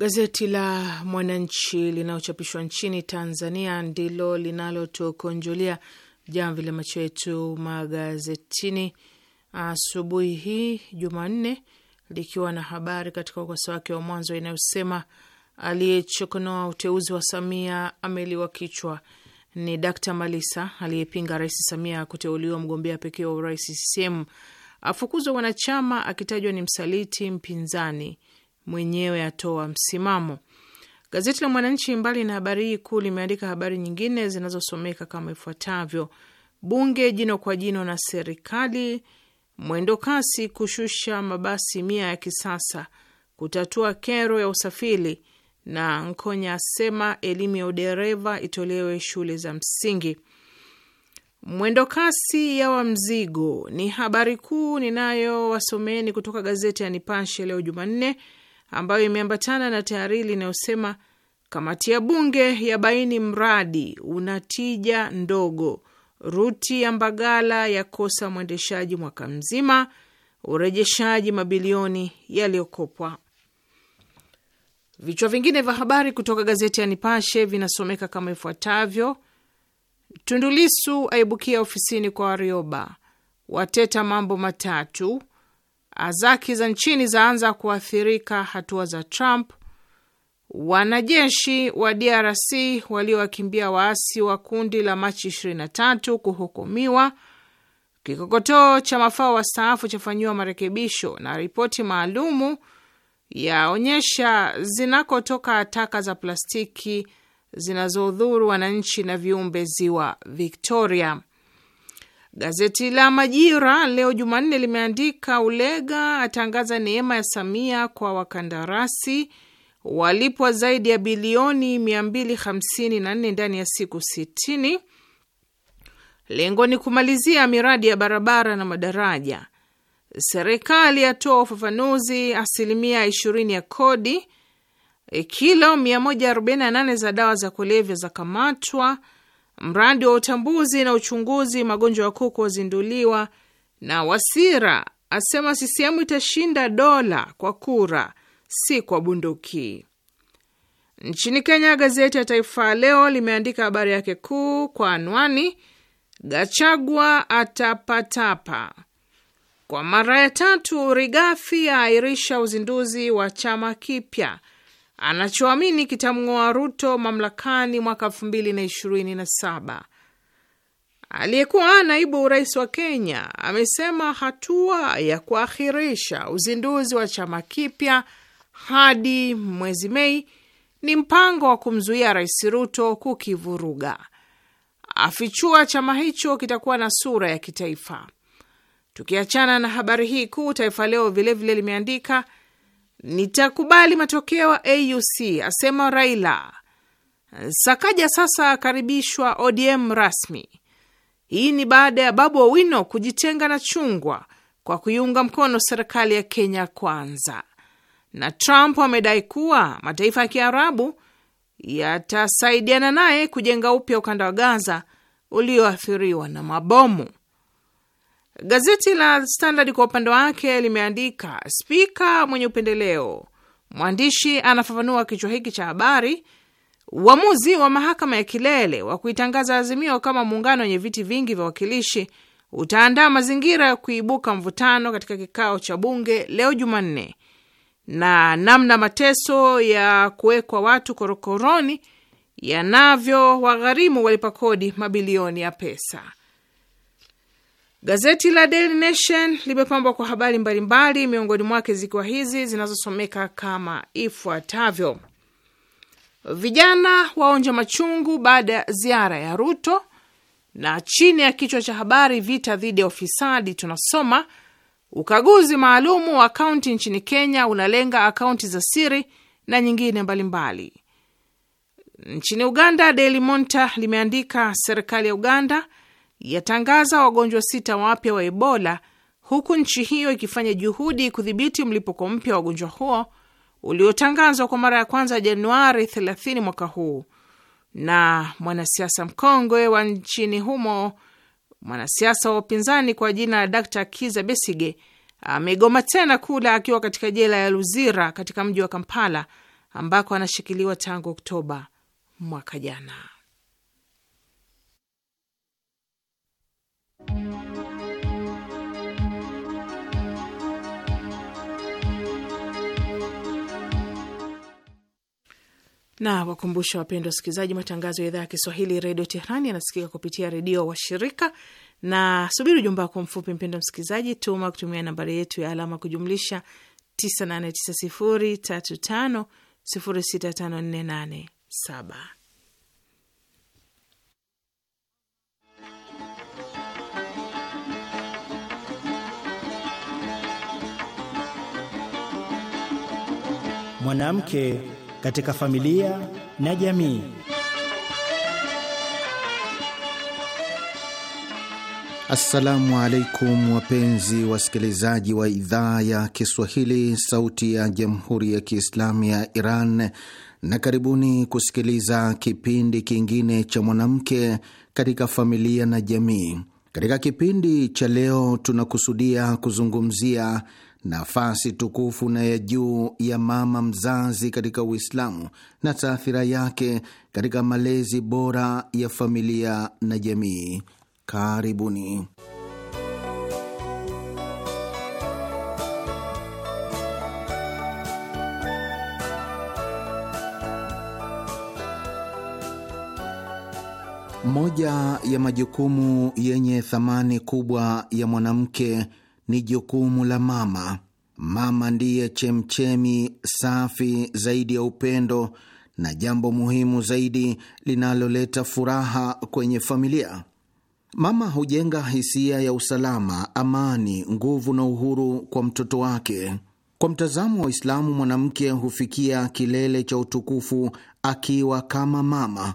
Gazeti la Mwananchi linalochapishwa nchini Tanzania ndilo linalotukonjulia jamvi la macho yetu magazetini asubuhi hii Jumanne, likiwa na habari katika ukurasa wake wa mwanzo inayosema aliyechokonoa uteuzi wa Samia ameliwa kichwa. Ni Dkt Malisa aliyepinga Rais Samia kuteuliwa mgombea pekee wa urais CCM afukuzwa wanachama akitajwa ni msaliti mpinzani mwenyewe atoa msimamo. Gazeti la Mwananchi, mbali na habari hii kuu, limeandika habari nyingine zinazosomeka kama ifuatavyo: bunge jino kwa jino na serikali, mwendo kasi kushusha mabasi mia ya kisasa kutatua kero ya usafiri, na Nkonya asema elimu ya udereva itolewe shule za msingi. Mwendokasi ya wa mzigo ni habari kuu ninayowasomeni kutoka gazeti ya Nipashe leo Jumanne ambayo imeambatana na tahariri inayosema kamati ya bunge ya baini mradi una tija ndogo, ruti ya Mbagala yakosa mwendeshaji mwaka mzima, urejeshaji mabilioni yaliyokopwa. Vichwa vingine vya habari kutoka gazeti ya Nipashe vinasomeka kama ifuatavyo: Tundulisu aibukia ofisini kwa Warioba, wateta mambo matatu, Azaki za nchini zaanza kuathirika hatua za Trump. Wanajeshi wa DRC waliowakimbia waasi wa kundi la Machi 23 kuhukumiwa. Kikokotoo cha mafao wastaafu chafanyiwa marekebisho, na ripoti maalumu yaonyesha zinakotoka taka za plastiki zinazodhuru wananchi na viumbe ziwa Victoria. Gazeti la Majira leo Jumanne limeandika Ulega atangaza neema ya Samia kwa wakandarasi walipwa zaidi ya bilioni 254 ndani ya siku 60. Lengo ni kumalizia miradi ya barabara na madaraja. Serikali yatoa ufafanuzi asilimia 20 ya kodi. Kilo 148 za dawa za kulevya za kamatwa Mradi wa utambuzi na uchunguzi magonjwa ya kuku wazinduliwa, na Wasira asema CCM itashinda dola kwa kura, si kwa bunduki. Nchini Kenya, gazeti ya Taifa Leo limeandika habari yake kuu kwa anwani Gachagua atapatapa kwa mara ya tatu. Rigathi aairisha uzinduzi wa chama kipya anachoamini kitamng'oa Ruto mamlakani mwaka elfu mbili na ishirini na saba. Aliyekuwa naibu rais wa Kenya amesema hatua ya kuakhirisha uzinduzi wa chama kipya hadi mwezi Mei ni mpango wa kumzuia Rais Ruto kukivuruga. Afichua chama hicho kitakuwa na sura ya kitaifa. Tukiachana na habari hii kuu, Taifa Leo vilevile limeandika vile Nitakubali matokeo AUC, asema Raila. Sakaja sasa akaribishwa ODM rasmi. Hii ni baada ya Babu Owino kujitenga na Chungwa kwa kuiunga mkono serikali ya Kenya Kwanza. Na Trump amedai kuwa mataifa ya Kiarabu yatasaidiana naye kujenga upya ukanda wa Gaza ulioathiriwa na mabomu. Gazeti la Standard kwa upande wake limeandika spika mwenye upendeleo. Mwandishi anafafanua kichwa hiki cha habari: uamuzi wa mahakama ya kilele wa kuitangaza Azimio kama muungano wenye viti vingi vya wakilishi utaandaa mazingira ya kuibuka mvutano katika kikao cha bunge leo Jumanne, na namna mateso ya kuwekwa watu korokoroni yanavyowagharimu walipa kodi mabilioni ya pesa. Gazeti la Daily Nation limepambwa kwa habari mbalimbali, miongoni mwake zikiwa hizi zinazosomeka kama ifuatavyo: vijana waonja machungu baada ya ziara ya Ruto, na chini ya kichwa cha habari vita dhidi ya ufisadi tunasoma ukaguzi maalumu wa akaunti nchini Kenya unalenga akaunti za siri na nyingine mbalimbali mbali. Nchini Uganda, Daily Monitor limeandika serikali ya Uganda yatangaza wagonjwa sita wapya wa Ebola, huku nchi hiyo ikifanya juhudi kudhibiti mlipuko mpya wa ugonjwa huo uliotangazwa kwa mara ya kwanza Januari 30 mwaka huu na mwanasiasa mkongwe wa nchini humo, mwanasiasa wa upinzani kwa jina la Dr Kiza Besige amegoma tena kula akiwa katika jela ya Luzira katika mji wa Kampala ambako anashikiliwa tangu Oktoba mwaka jana. na wakumbusha wapendwa wasikilizaji, matangazo ya idhaa ya Kiswahili redio Tehrani yanasikika kupitia redio washirika. Na subiri ujumbe wako mfupi, mpendwa msikilizaji, tuma kutumia nambari yetu ya alama kujumlisha 989035065487. mwanamke katika familia na jamii. Assalamu alaikum wapenzi wasikilizaji wa idhaa ya Kiswahili, Sauti ya Jamhuri ya Kiislamu ya Iran, na karibuni kusikiliza kipindi kingine cha mwanamke katika familia na jamii. Katika kipindi cha leo, tunakusudia kuzungumzia nafasi tukufu na ya juu ya mama mzazi katika Uislamu na taathira yake katika malezi bora ya familia na jamii. Karibuni. Moja ya majukumu yenye thamani kubwa ya mwanamke ni jukumu la mama. Mama ndiye chemchemi safi zaidi ya upendo na jambo muhimu zaidi linaloleta furaha kwenye familia. Mama hujenga hisia ya usalama, amani, nguvu na uhuru kwa mtoto wake. Kwa mtazamo wa Waislamu, mwanamke hufikia kilele cha utukufu akiwa kama mama.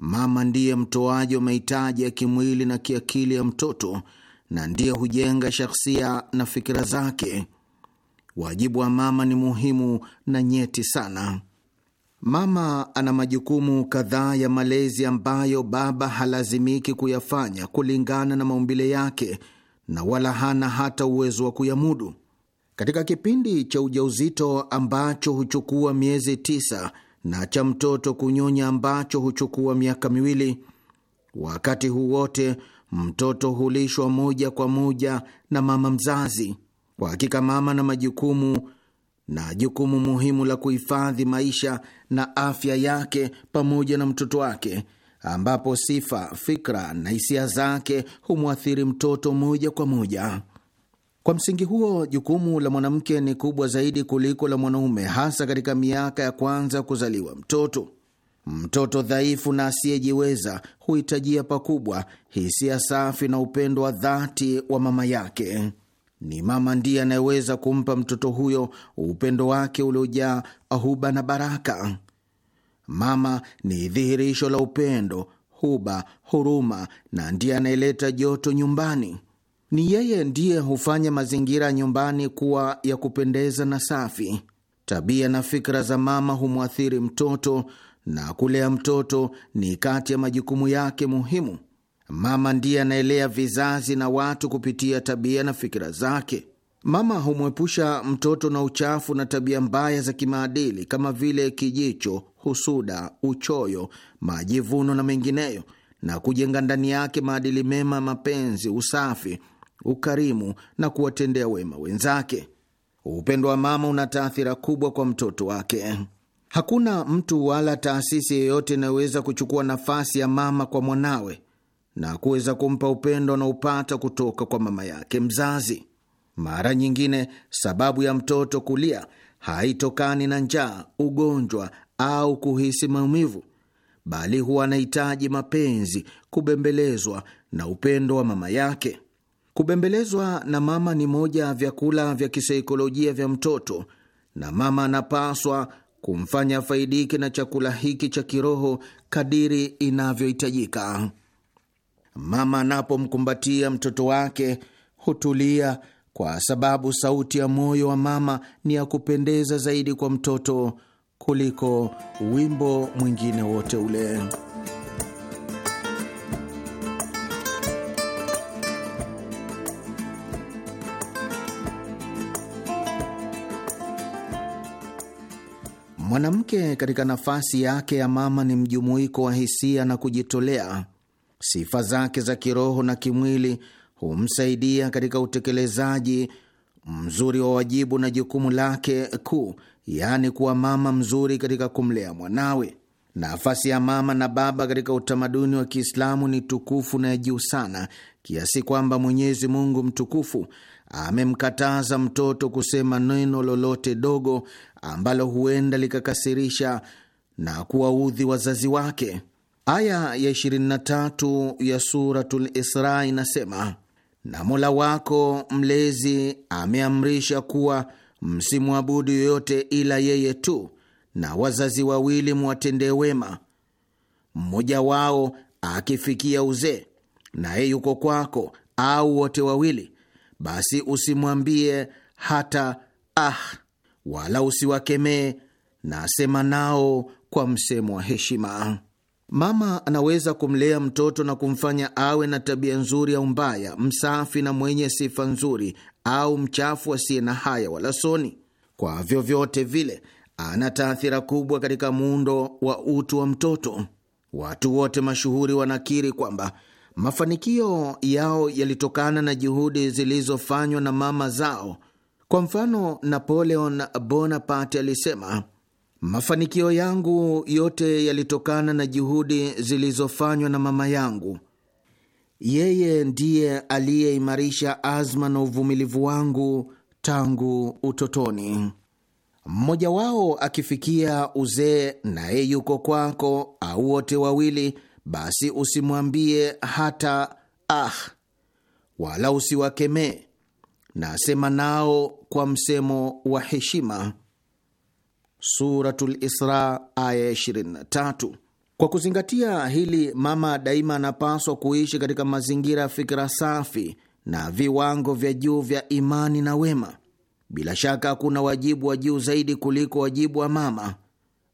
Mama ndiye mtoaji wa mahitaji ya kimwili na kiakili ya mtoto na ndiye hujenga shakhsia na fikira zake. Wajibu wa mama ni muhimu na nyeti sana. Mama ana majukumu kadhaa ya malezi ambayo baba halazimiki kuyafanya kulingana na maumbile yake na wala hana hata uwezo wa kuyamudu. Katika kipindi cha ujauzito ambacho huchukua miezi tisa na cha mtoto kunyonya ambacho huchukua miaka miwili, wakati huu wote mtoto hulishwa moja kwa moja na mama mzazi. Kwa hakika mama na majukumu na jukumu muhimu la kuhifadhi maisha na afya yake pamoja na mtoto wake, ambapo sifa, fikra na hisia zake humwathiri mtoto moja kwa moja. Kwa msingi huo, jukumu la mwanamke ni kubwa zaidi kuliko la mwanaume, hasa katika miaka ya kwanza kuzaliwa mtoto. Mtoto dhaifu na asiyejiweza huhitajia pakubwa hisia safi na upendo wa dhati wa mama yake. Ni mama ndiye anayeweza kumpa mtoto huyo upendo wake uliojaa huba na baraka. Mama ni dhihirisho la upendo, huba, huruma na ndiye anayeleta joto nyumbani. Ni yeye ndiye hufanya mazingira ya nyumbani kuwa ya kupendeza na safi. Tabia na fikra za mama humwathiri mtoto na kulea mtoto ni kati ya majukumu yake muhimu. Mama ndiye anaelea vizazi na watu kupitia tabia na fikira zake. Mama humwepusha mtoto na uchafu na tabia mbaya za kimaadili kama vile kijicho, husuda, uchoyo, majivuno na mengineyo, na kujenga ndani yake maadili mema, mapenzi, usafi, ukarimu na kuwatendea wema wenzake. Upendo wa mama una taathira kubwa kwa mtoto wake. Hakuna mtu wala taasisi yeyote inayoweza kuchukua nafasi ya mama kwa mwanawe na kuweza kumpa upendo upata kutoka kwa mama yake mzazi. Mara nyingine, sababu ya mtoto kulia haitokani na njaa, ugonjwa au kuhisi maumivu, bali huwa anahitaji mapenzi, kubembelezwa na upendo wa mama yake. Kubembelezwa na mama ni moja ya vyakula vya kisaikolojia vya mtoto, na mama anapaswa kumfanya afaidike na chakula hiki cha kiroho kadiri inavyohitajika. Mama anapomkumbatia mtoto wake hutulia, kwa sababu sauti ya moyo wa mama ni ya kupendeza zaidi kwa mtoto kuliko wimbo mwingine wote ule. Mwanamke katika nafasi yake ya mama ni mjumuiko wa hisia na kujitolea. Sifa zake za kiroho na kimwili humsaidia katika utekelezaji mzuri wa wajibu na jukumu lake kuu, yaani kuwa mama mzuri katika kumlea mwanawe. Nafasi ya mama na baba katika utamaduni wa Kiislamu ni tukufu na ya juu sana, kiasi kwamba Mwenyezi Mungu mtukufu amemkataza mtoto kusema neno lolote dogo ambalo huenda likakasirisha na kuwaudhi wazazi wake. Aya ya 23 ya Suratul Isra inasema, na Mola wako mlezi ameamrisha kuwa msimwabudu yoyote ila yeye tu, na wazazi wawili mwatendee wema, mmoja wao akifikia uzee naye yuko kwako, au wote wawili, basi usimwambie hata ah wala usiwakemee, na asema nao kwa msemo wa heshima. Mama anaweza kumlea mtoto na kumfanya awe na tabia nzuri au mbaya, msafi na mwenye sifa nzuri au mchafu, asiye na haya wala soni. Kwa vyovyote vile, ana taathira kubwa katika muundo wa utu wa mtoto. Watu wote mashuhuri wanakiri kwamba mafanikio yao yalitokana na juhudi zilizofanywa na mama zao kwa mfano, Napoleon Bonaparte alisema, mafanikio yangu yote yalitokana na juhudi zilizofanywa na mama yangu. Yeye ndiye aliyeimarisha azma na uvumilivu wangu tangu utotoni. Mmoja wao akifikia uzee naye yuko kwako, au wote wawili, basi usimwambie hata ah, wala usiwakemee na asema nao kwa msemo wa heshima. Suratul Isra aya 23. Kwa kuzingatia hili, mama daima anapaswa kuishi katika mazingira ya fikira safi na viwango vya juu vya imani na wema. Bila shaka hakuna wajibu wa juu zaidi kuliko wajibu wa mama.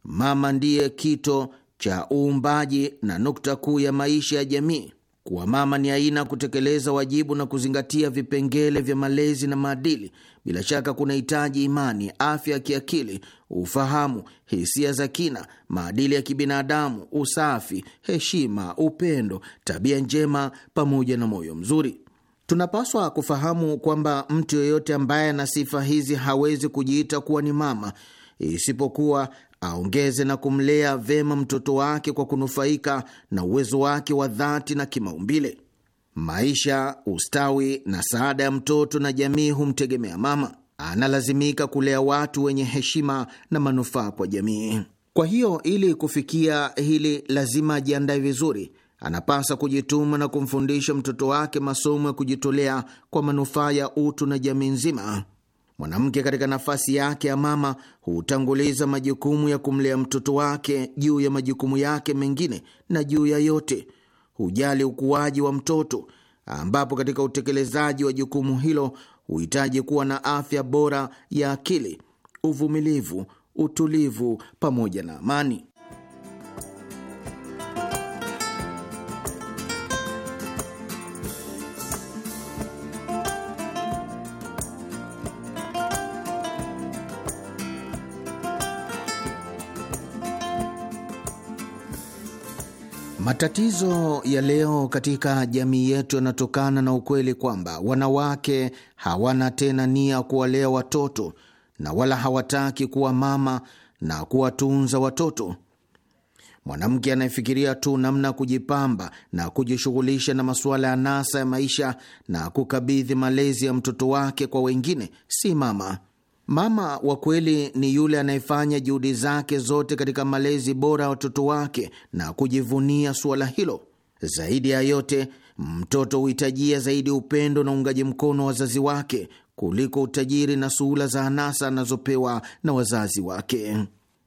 Mama ndiye kito cha uumbaji na nukta kuu ya maisha ya jamii. Kuwa mama ni aina ya kutekeleza wajibu na kuzingatia vipengele vya malezi na maadili. Bila shaka kuna hitaji imani, afya ya kiakili, ufahamu, hisia za kina, maadili ya kibinadamu, usafi, heshima, upendo, tabia njema, pamoja na moyo mzuri. Tunapaswa kufahamu kwamba mtu yeyote ambaye ana sifa hizi hawezi kujiita kuwa ni mama, isipokuwa aongeze na kumlea vema mtoto wake kwa kunufaika na uwezo wake wa dhati na kimaumbile. Maisha, ustawi na saada ya mtoto na jamii humtegemea mama. Analazimika kulea watu wenye heshima na manufaa kwa jamii. Kwa hiyo, ili kufikia hili, lazima ajiandae vizuri. Anapasa kujituma na kumfundisha mtoto wake masomo ya kujitolea kwa manufaa ya utu na jamii nzima. Mwanamke katika nafasi yake ya mama hutanguliza majukumu ya kumlea mtoto wake juu ya majukumu yake mengine, na juu ya yote hujali ukuaji wa mtoto, ambapo katika utekelezaji wa jukumu hilo huhitaji kuwa na afya bora ya akili, uvumilivu, utulivu pamoja na amani. Matatizo ya leo katika jamii yetu yanatokana na ukweli kwamba wanawake hawana tena nia kuwalea watoto na wala hawataki kuwa mama na kuwatunza watoto. Mwanamke anayefikiria tu namna ya kujipamba na kujishughulisha na masuala ya nasa ya maisha na kukabidhi malezi ya mtoto wake kwa wengine si mama. Mama wa kweli ni yule anayefanya juhudi zake zote katika malezi bora ya watoto wake na kujivunia suala hilo. Zaidi ya yote, mtoto huhitajia zaidi upendo na uungaji mkono wa wazazi wake kuliko utajiri na suhula za anasa anazopewa na wazazi wake.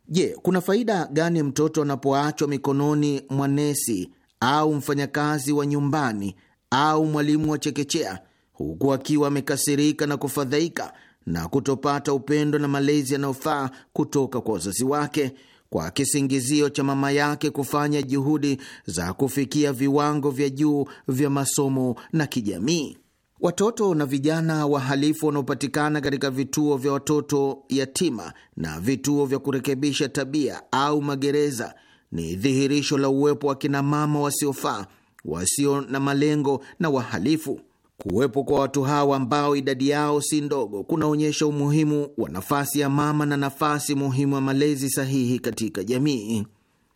Je, kuna faida gani mtoto anapoachwa mikononi mwa nesi au mfanyakazi wa nyumbani au mwalimu wa chekechea, huku akiwa amekasirika na kufadhaika na kutopata upendo na malezi yanayofaa kutoka kwa wazazi wake kwa kisingizio cha mama yake kufanya juhudi za kufikia viwango vya juu vya masomo na kijamii. Watoto na vijana wahalifu wanaopatikana katika vituo vya watoto yatima na vituo vya kurekebisha tabia au magereza ni dhihirisho la uwepo wa kinamama wasiofaa, wasio na malengo na wahalifu Kuwepo kwa watu hawa ambao idadi yao si ndogo kunaonyesha umuhimu wa nafasi ya mama na nafasi muhimu ya malezi sahihi katika jamii.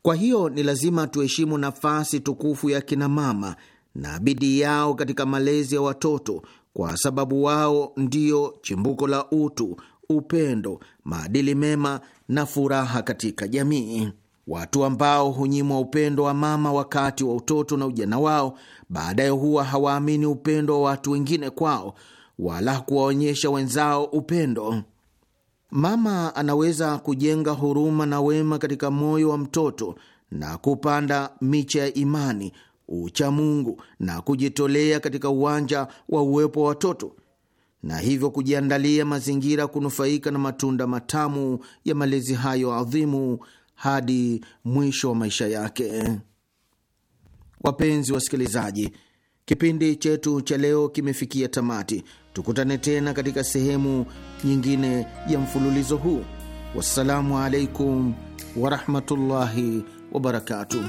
Kwa hiyo ni lazima tuheshimu nafasi tukufu ya kinamama na bidii yao katika malezi ya watoto, kwa sababu wao ndio chimbuko la utu, upendo, maadili mema na furaha katika jamii. Watu ambao hunyimwa upendo wa mama wakati wa utoto na ujana wao baadaye huwa hawaamini upendo wa watu wengine kwao wala kuwaonyesha wenzao upendo. Mama anaweza kujenga huruma na wema katika moyo wa mtoto na kupanda miche ya imani, uchamungu na kujitolea katika uwanja wa uwepo wa watoto na hivyo kujiandalia mazingira kunufaika na matunda matamu ya malezi hayo adhimu hadi mwisho wa maisha yake. Wapenzi wasikilizaji, kipindi chetu cha leo kimefikia tamati. Tukutane tena katika sehemu nyingine ya mfululizo huu. Wassalamu alaikum warahmatullahi wabarakatuh.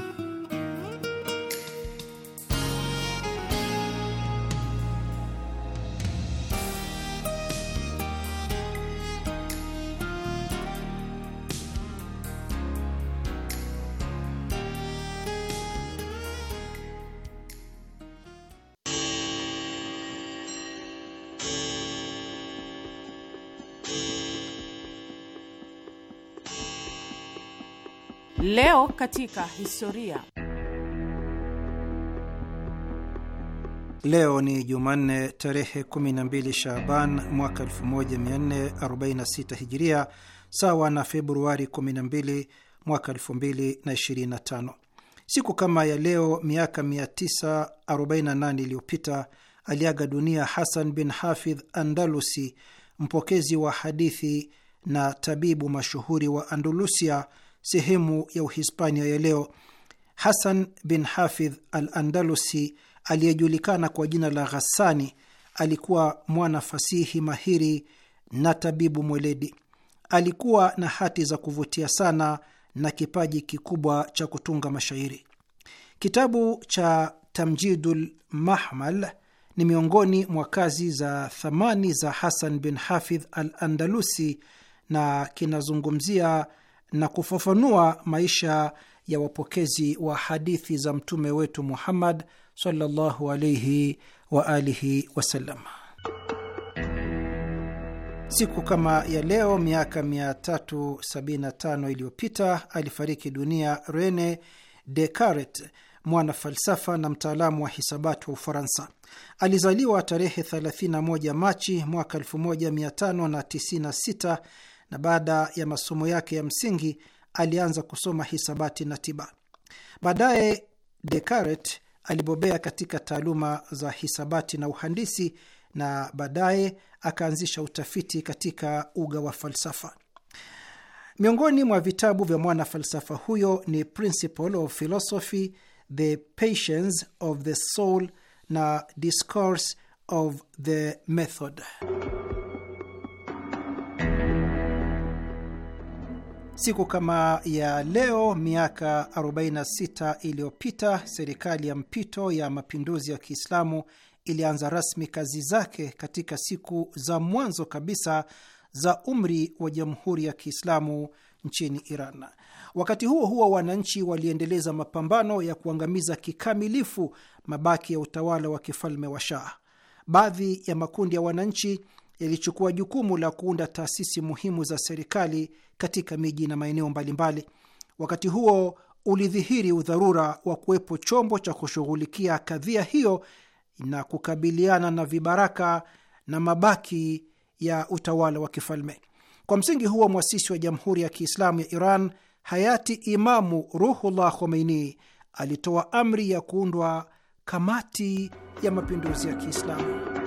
Leo katika historia. Leo ni Jumanne tarehe 12 Shaaban mwaka 1446 Hijiria, sawa na Februari 12 mwaka 2025. Siku kama ya leo miaka 948 iliyopita aliaga dunia Hasan bin Hafidh Andalusi, mpokezi wa hadithi na tabibu mashuhuri wa Andalusia sehemu ya Uhispania ya leo. Hasan bin Hafidh al Andalusi aliyejulikana kwa jina la Ghassani alikuwa mwana fasihi mahiri na tabibu mweledi. Alikuwa na hati za kuvutia sana na kipaji kikubwa cha kutunga mashairi. Kitabu cha Tamjidul Mahmal ni miongoni mwa kazi za thamani za Hasan bin Hafidh al Andalusi na kinazungumzia na kufafanua maisha ya wapokezi wa hadithi za mtume wetu Muhammad sallallahu alaihi wa alihi wasallam. Siku kama ya leo miaka 375 iliyopita alifariki dunia Rene Descartes, mwana falsafa na mtaalamu wa hisabati wa Ufaransa. Alizaliwa tarehe 31 Machi mwaka 1596 na baada ya masomo yake ya msingi alianza kusoma hisabati na tiba. Baadaye Descartes alibobea katika taaluma za hisabati na uhandisi na baadaye akaanzisha utafiti katika uga wa falsafa. Miongoni mwa vitabu vya mwana falsafa huyo ni Principle of Philosophy, The Patience of the Soul na Discourse of the Method. Siku kama ya leo miaka 46 iliyopita serikali ya mpito ya mapinduzi ya Kiislamu ilianza rasmi kazi zake katika siku za mwanzo kabisa za umri wa Jamhuri ya Kiislamu nchini Iran. Wakati huo huo, wananchi waliendeleza mapambano ya kuangamiza kikamilifu mabaki ya utawala wa kifalme wa Shah. Baadhi ya makundi ya wananchi yalichukua jukumu la kuunda taasisi muhimu za serikali katika miji na maeneo mbalimbali. Wakati huo ulidhihiri udharura wa kuwepo chombo cha kushughulikia kadhia hiyo na kukabiliana na vibaraka na mabaki ya utawala wa kifalme. Kwa msingi huo, mwasisi wa Jamhuri ya Kiislamu ya Iran hayati Imamu Ruhullah Khomeini alitoa amri ya kuundwa kamati ya mapinduzi ya Kiislamu.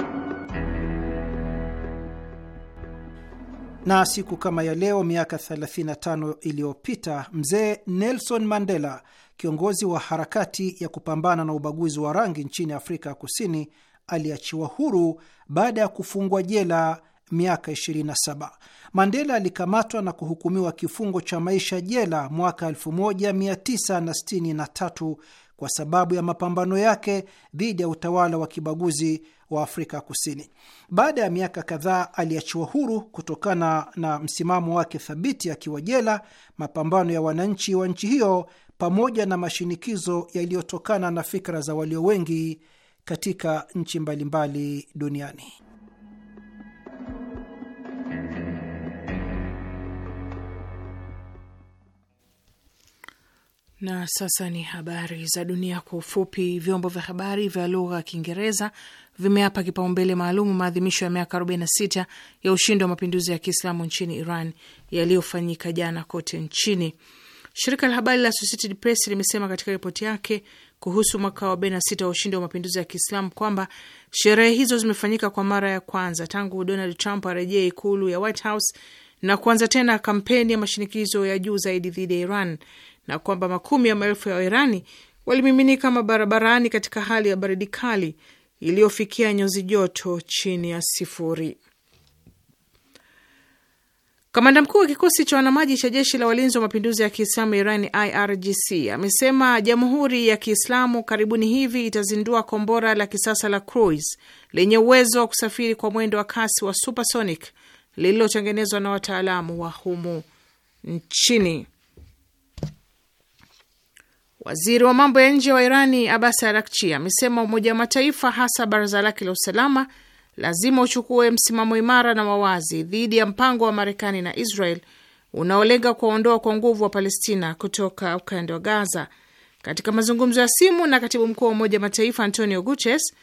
Na siku kama ya leo miaka 35 iliyopita mzee Nelson Mandela, kiongozi wa harakati ya kupambana na ubaguzi wa rangi nchini Afrika ya Kusini, aliachiwa huru baada ya kufungwa jela miaka 27. Mandela alikamatwa na kuhukumiwa kifungo cha maisha jela mwaka 1963 kwa sababu ya mapambano yake dhidi ya utawala wa kibaguzi wa Afrika Kusini. Baada ya miaka kadhaa, aliachiwa huru kutokana na msimamo wake thabiti akiwa jela, mapambano ya wananchi wa nchi hiyo, pamoja na mashinikizo yaliyotokana na fikra za walio wengi katika nchi mbalimbali duniani. Na sasa ni habari za dunia kwa ufupi. Vyombo vya habari vya lugha ya Kiingereza vimeapa kipaumbele maalumu maadhimisho ya miaka 46 ya ushindi wa mapinduzi ya Kiislamu nchini Iran yaliyofanyika jana kote nchini. Shirika la habari la Associated Press limesema katika ripoti yake kuhusu mwaka wa 46 wa ushindi wa mapinduzi ya Kiislamu kwamba sherehe hizo zimefanyika kwa mara ya kwanza tangu Donald Trump arejea ikulu ya White House na kuanza tena kampeni ya mashinikizo ya juu zaidi dhidi ya Iran na kwamba makumi ya maelfu ya Wairani walimiminika mabarabarani katika hali ya baridi kali iliyofikia nyuzi joto chini ya sifuri. Kamanda mkuu wa kikosi cha wanamaji cha jeshi la walinzi wa mapinduzi ya Kiislamu Irani IRGC amesema jamhuri ya Kiislamu karibuni hivi itazindua kombora la kisasa la cruise lenye uwezo wa kusafiri kwa mwendo wa kasi wa supersonic lililotengenezwa na wataalamu wa humu nchini. Waziri wa mambo ya nje wa Irani Abbas Arakchi amesema Umoja wa Mataifa, hasa baraza lake la usalama, lazima uchukue msimamo imara na wawazi dhidi ya mpango wa Marekani na Israel unaolenga kuwaondoa kwa nguvu wa Palestina kutoka ukanda wa Gaza. Katika mazungumzo ya simu na katibu mkuu wa Umoja wa Mataifa Antonio Guterres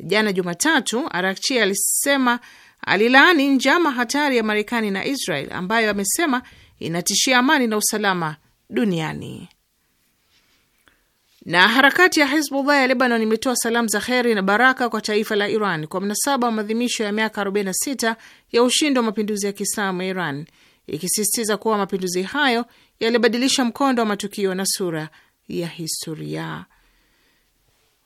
jana Jumatatu, Arakchi alisema alilaani njama hatari ya Marekani na Israel ambayo amesema inatishia amani na usalama duniani. Na harakati ya Hizbullah ya Lebanon imetoa salamu za kheri na baraka kwa taifa la Iran kwa mnasaba wa maadhimisho ya miaka 46 ya ushindi wa mapinduzi ya Kiislamu ya Iran, ikisisitiza kuwa mapinduzi hayo yalibadilisha mkondo wa matukio na sura ya historia.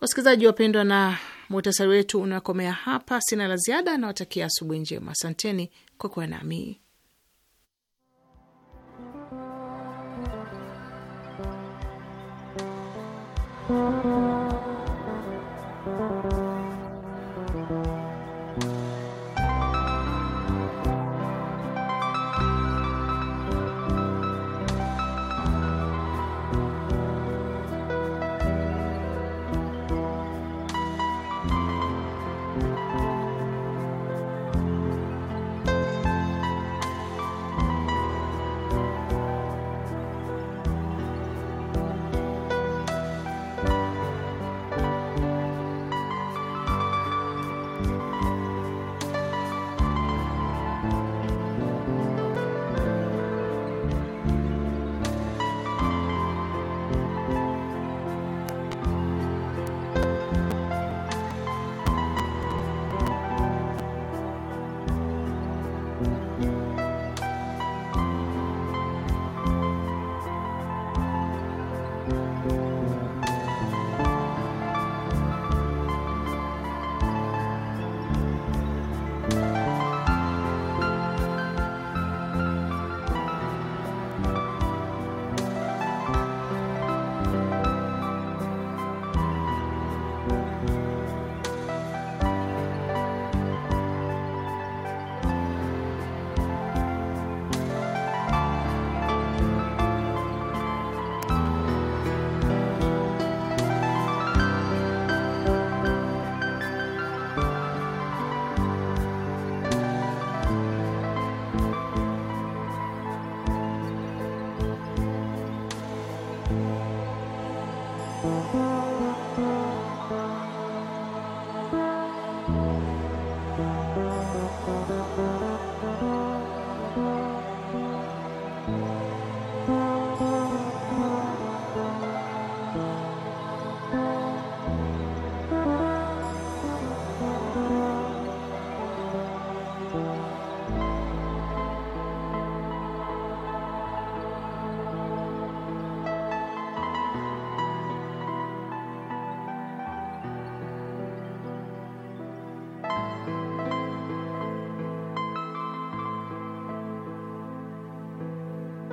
Wasikilizaji wapendwa, na muhtasari wetu unakomea hapa. Sina la ziada, nawatakia asubuhi njema. Asanteni kwa kuwa nami. Mm-hmm.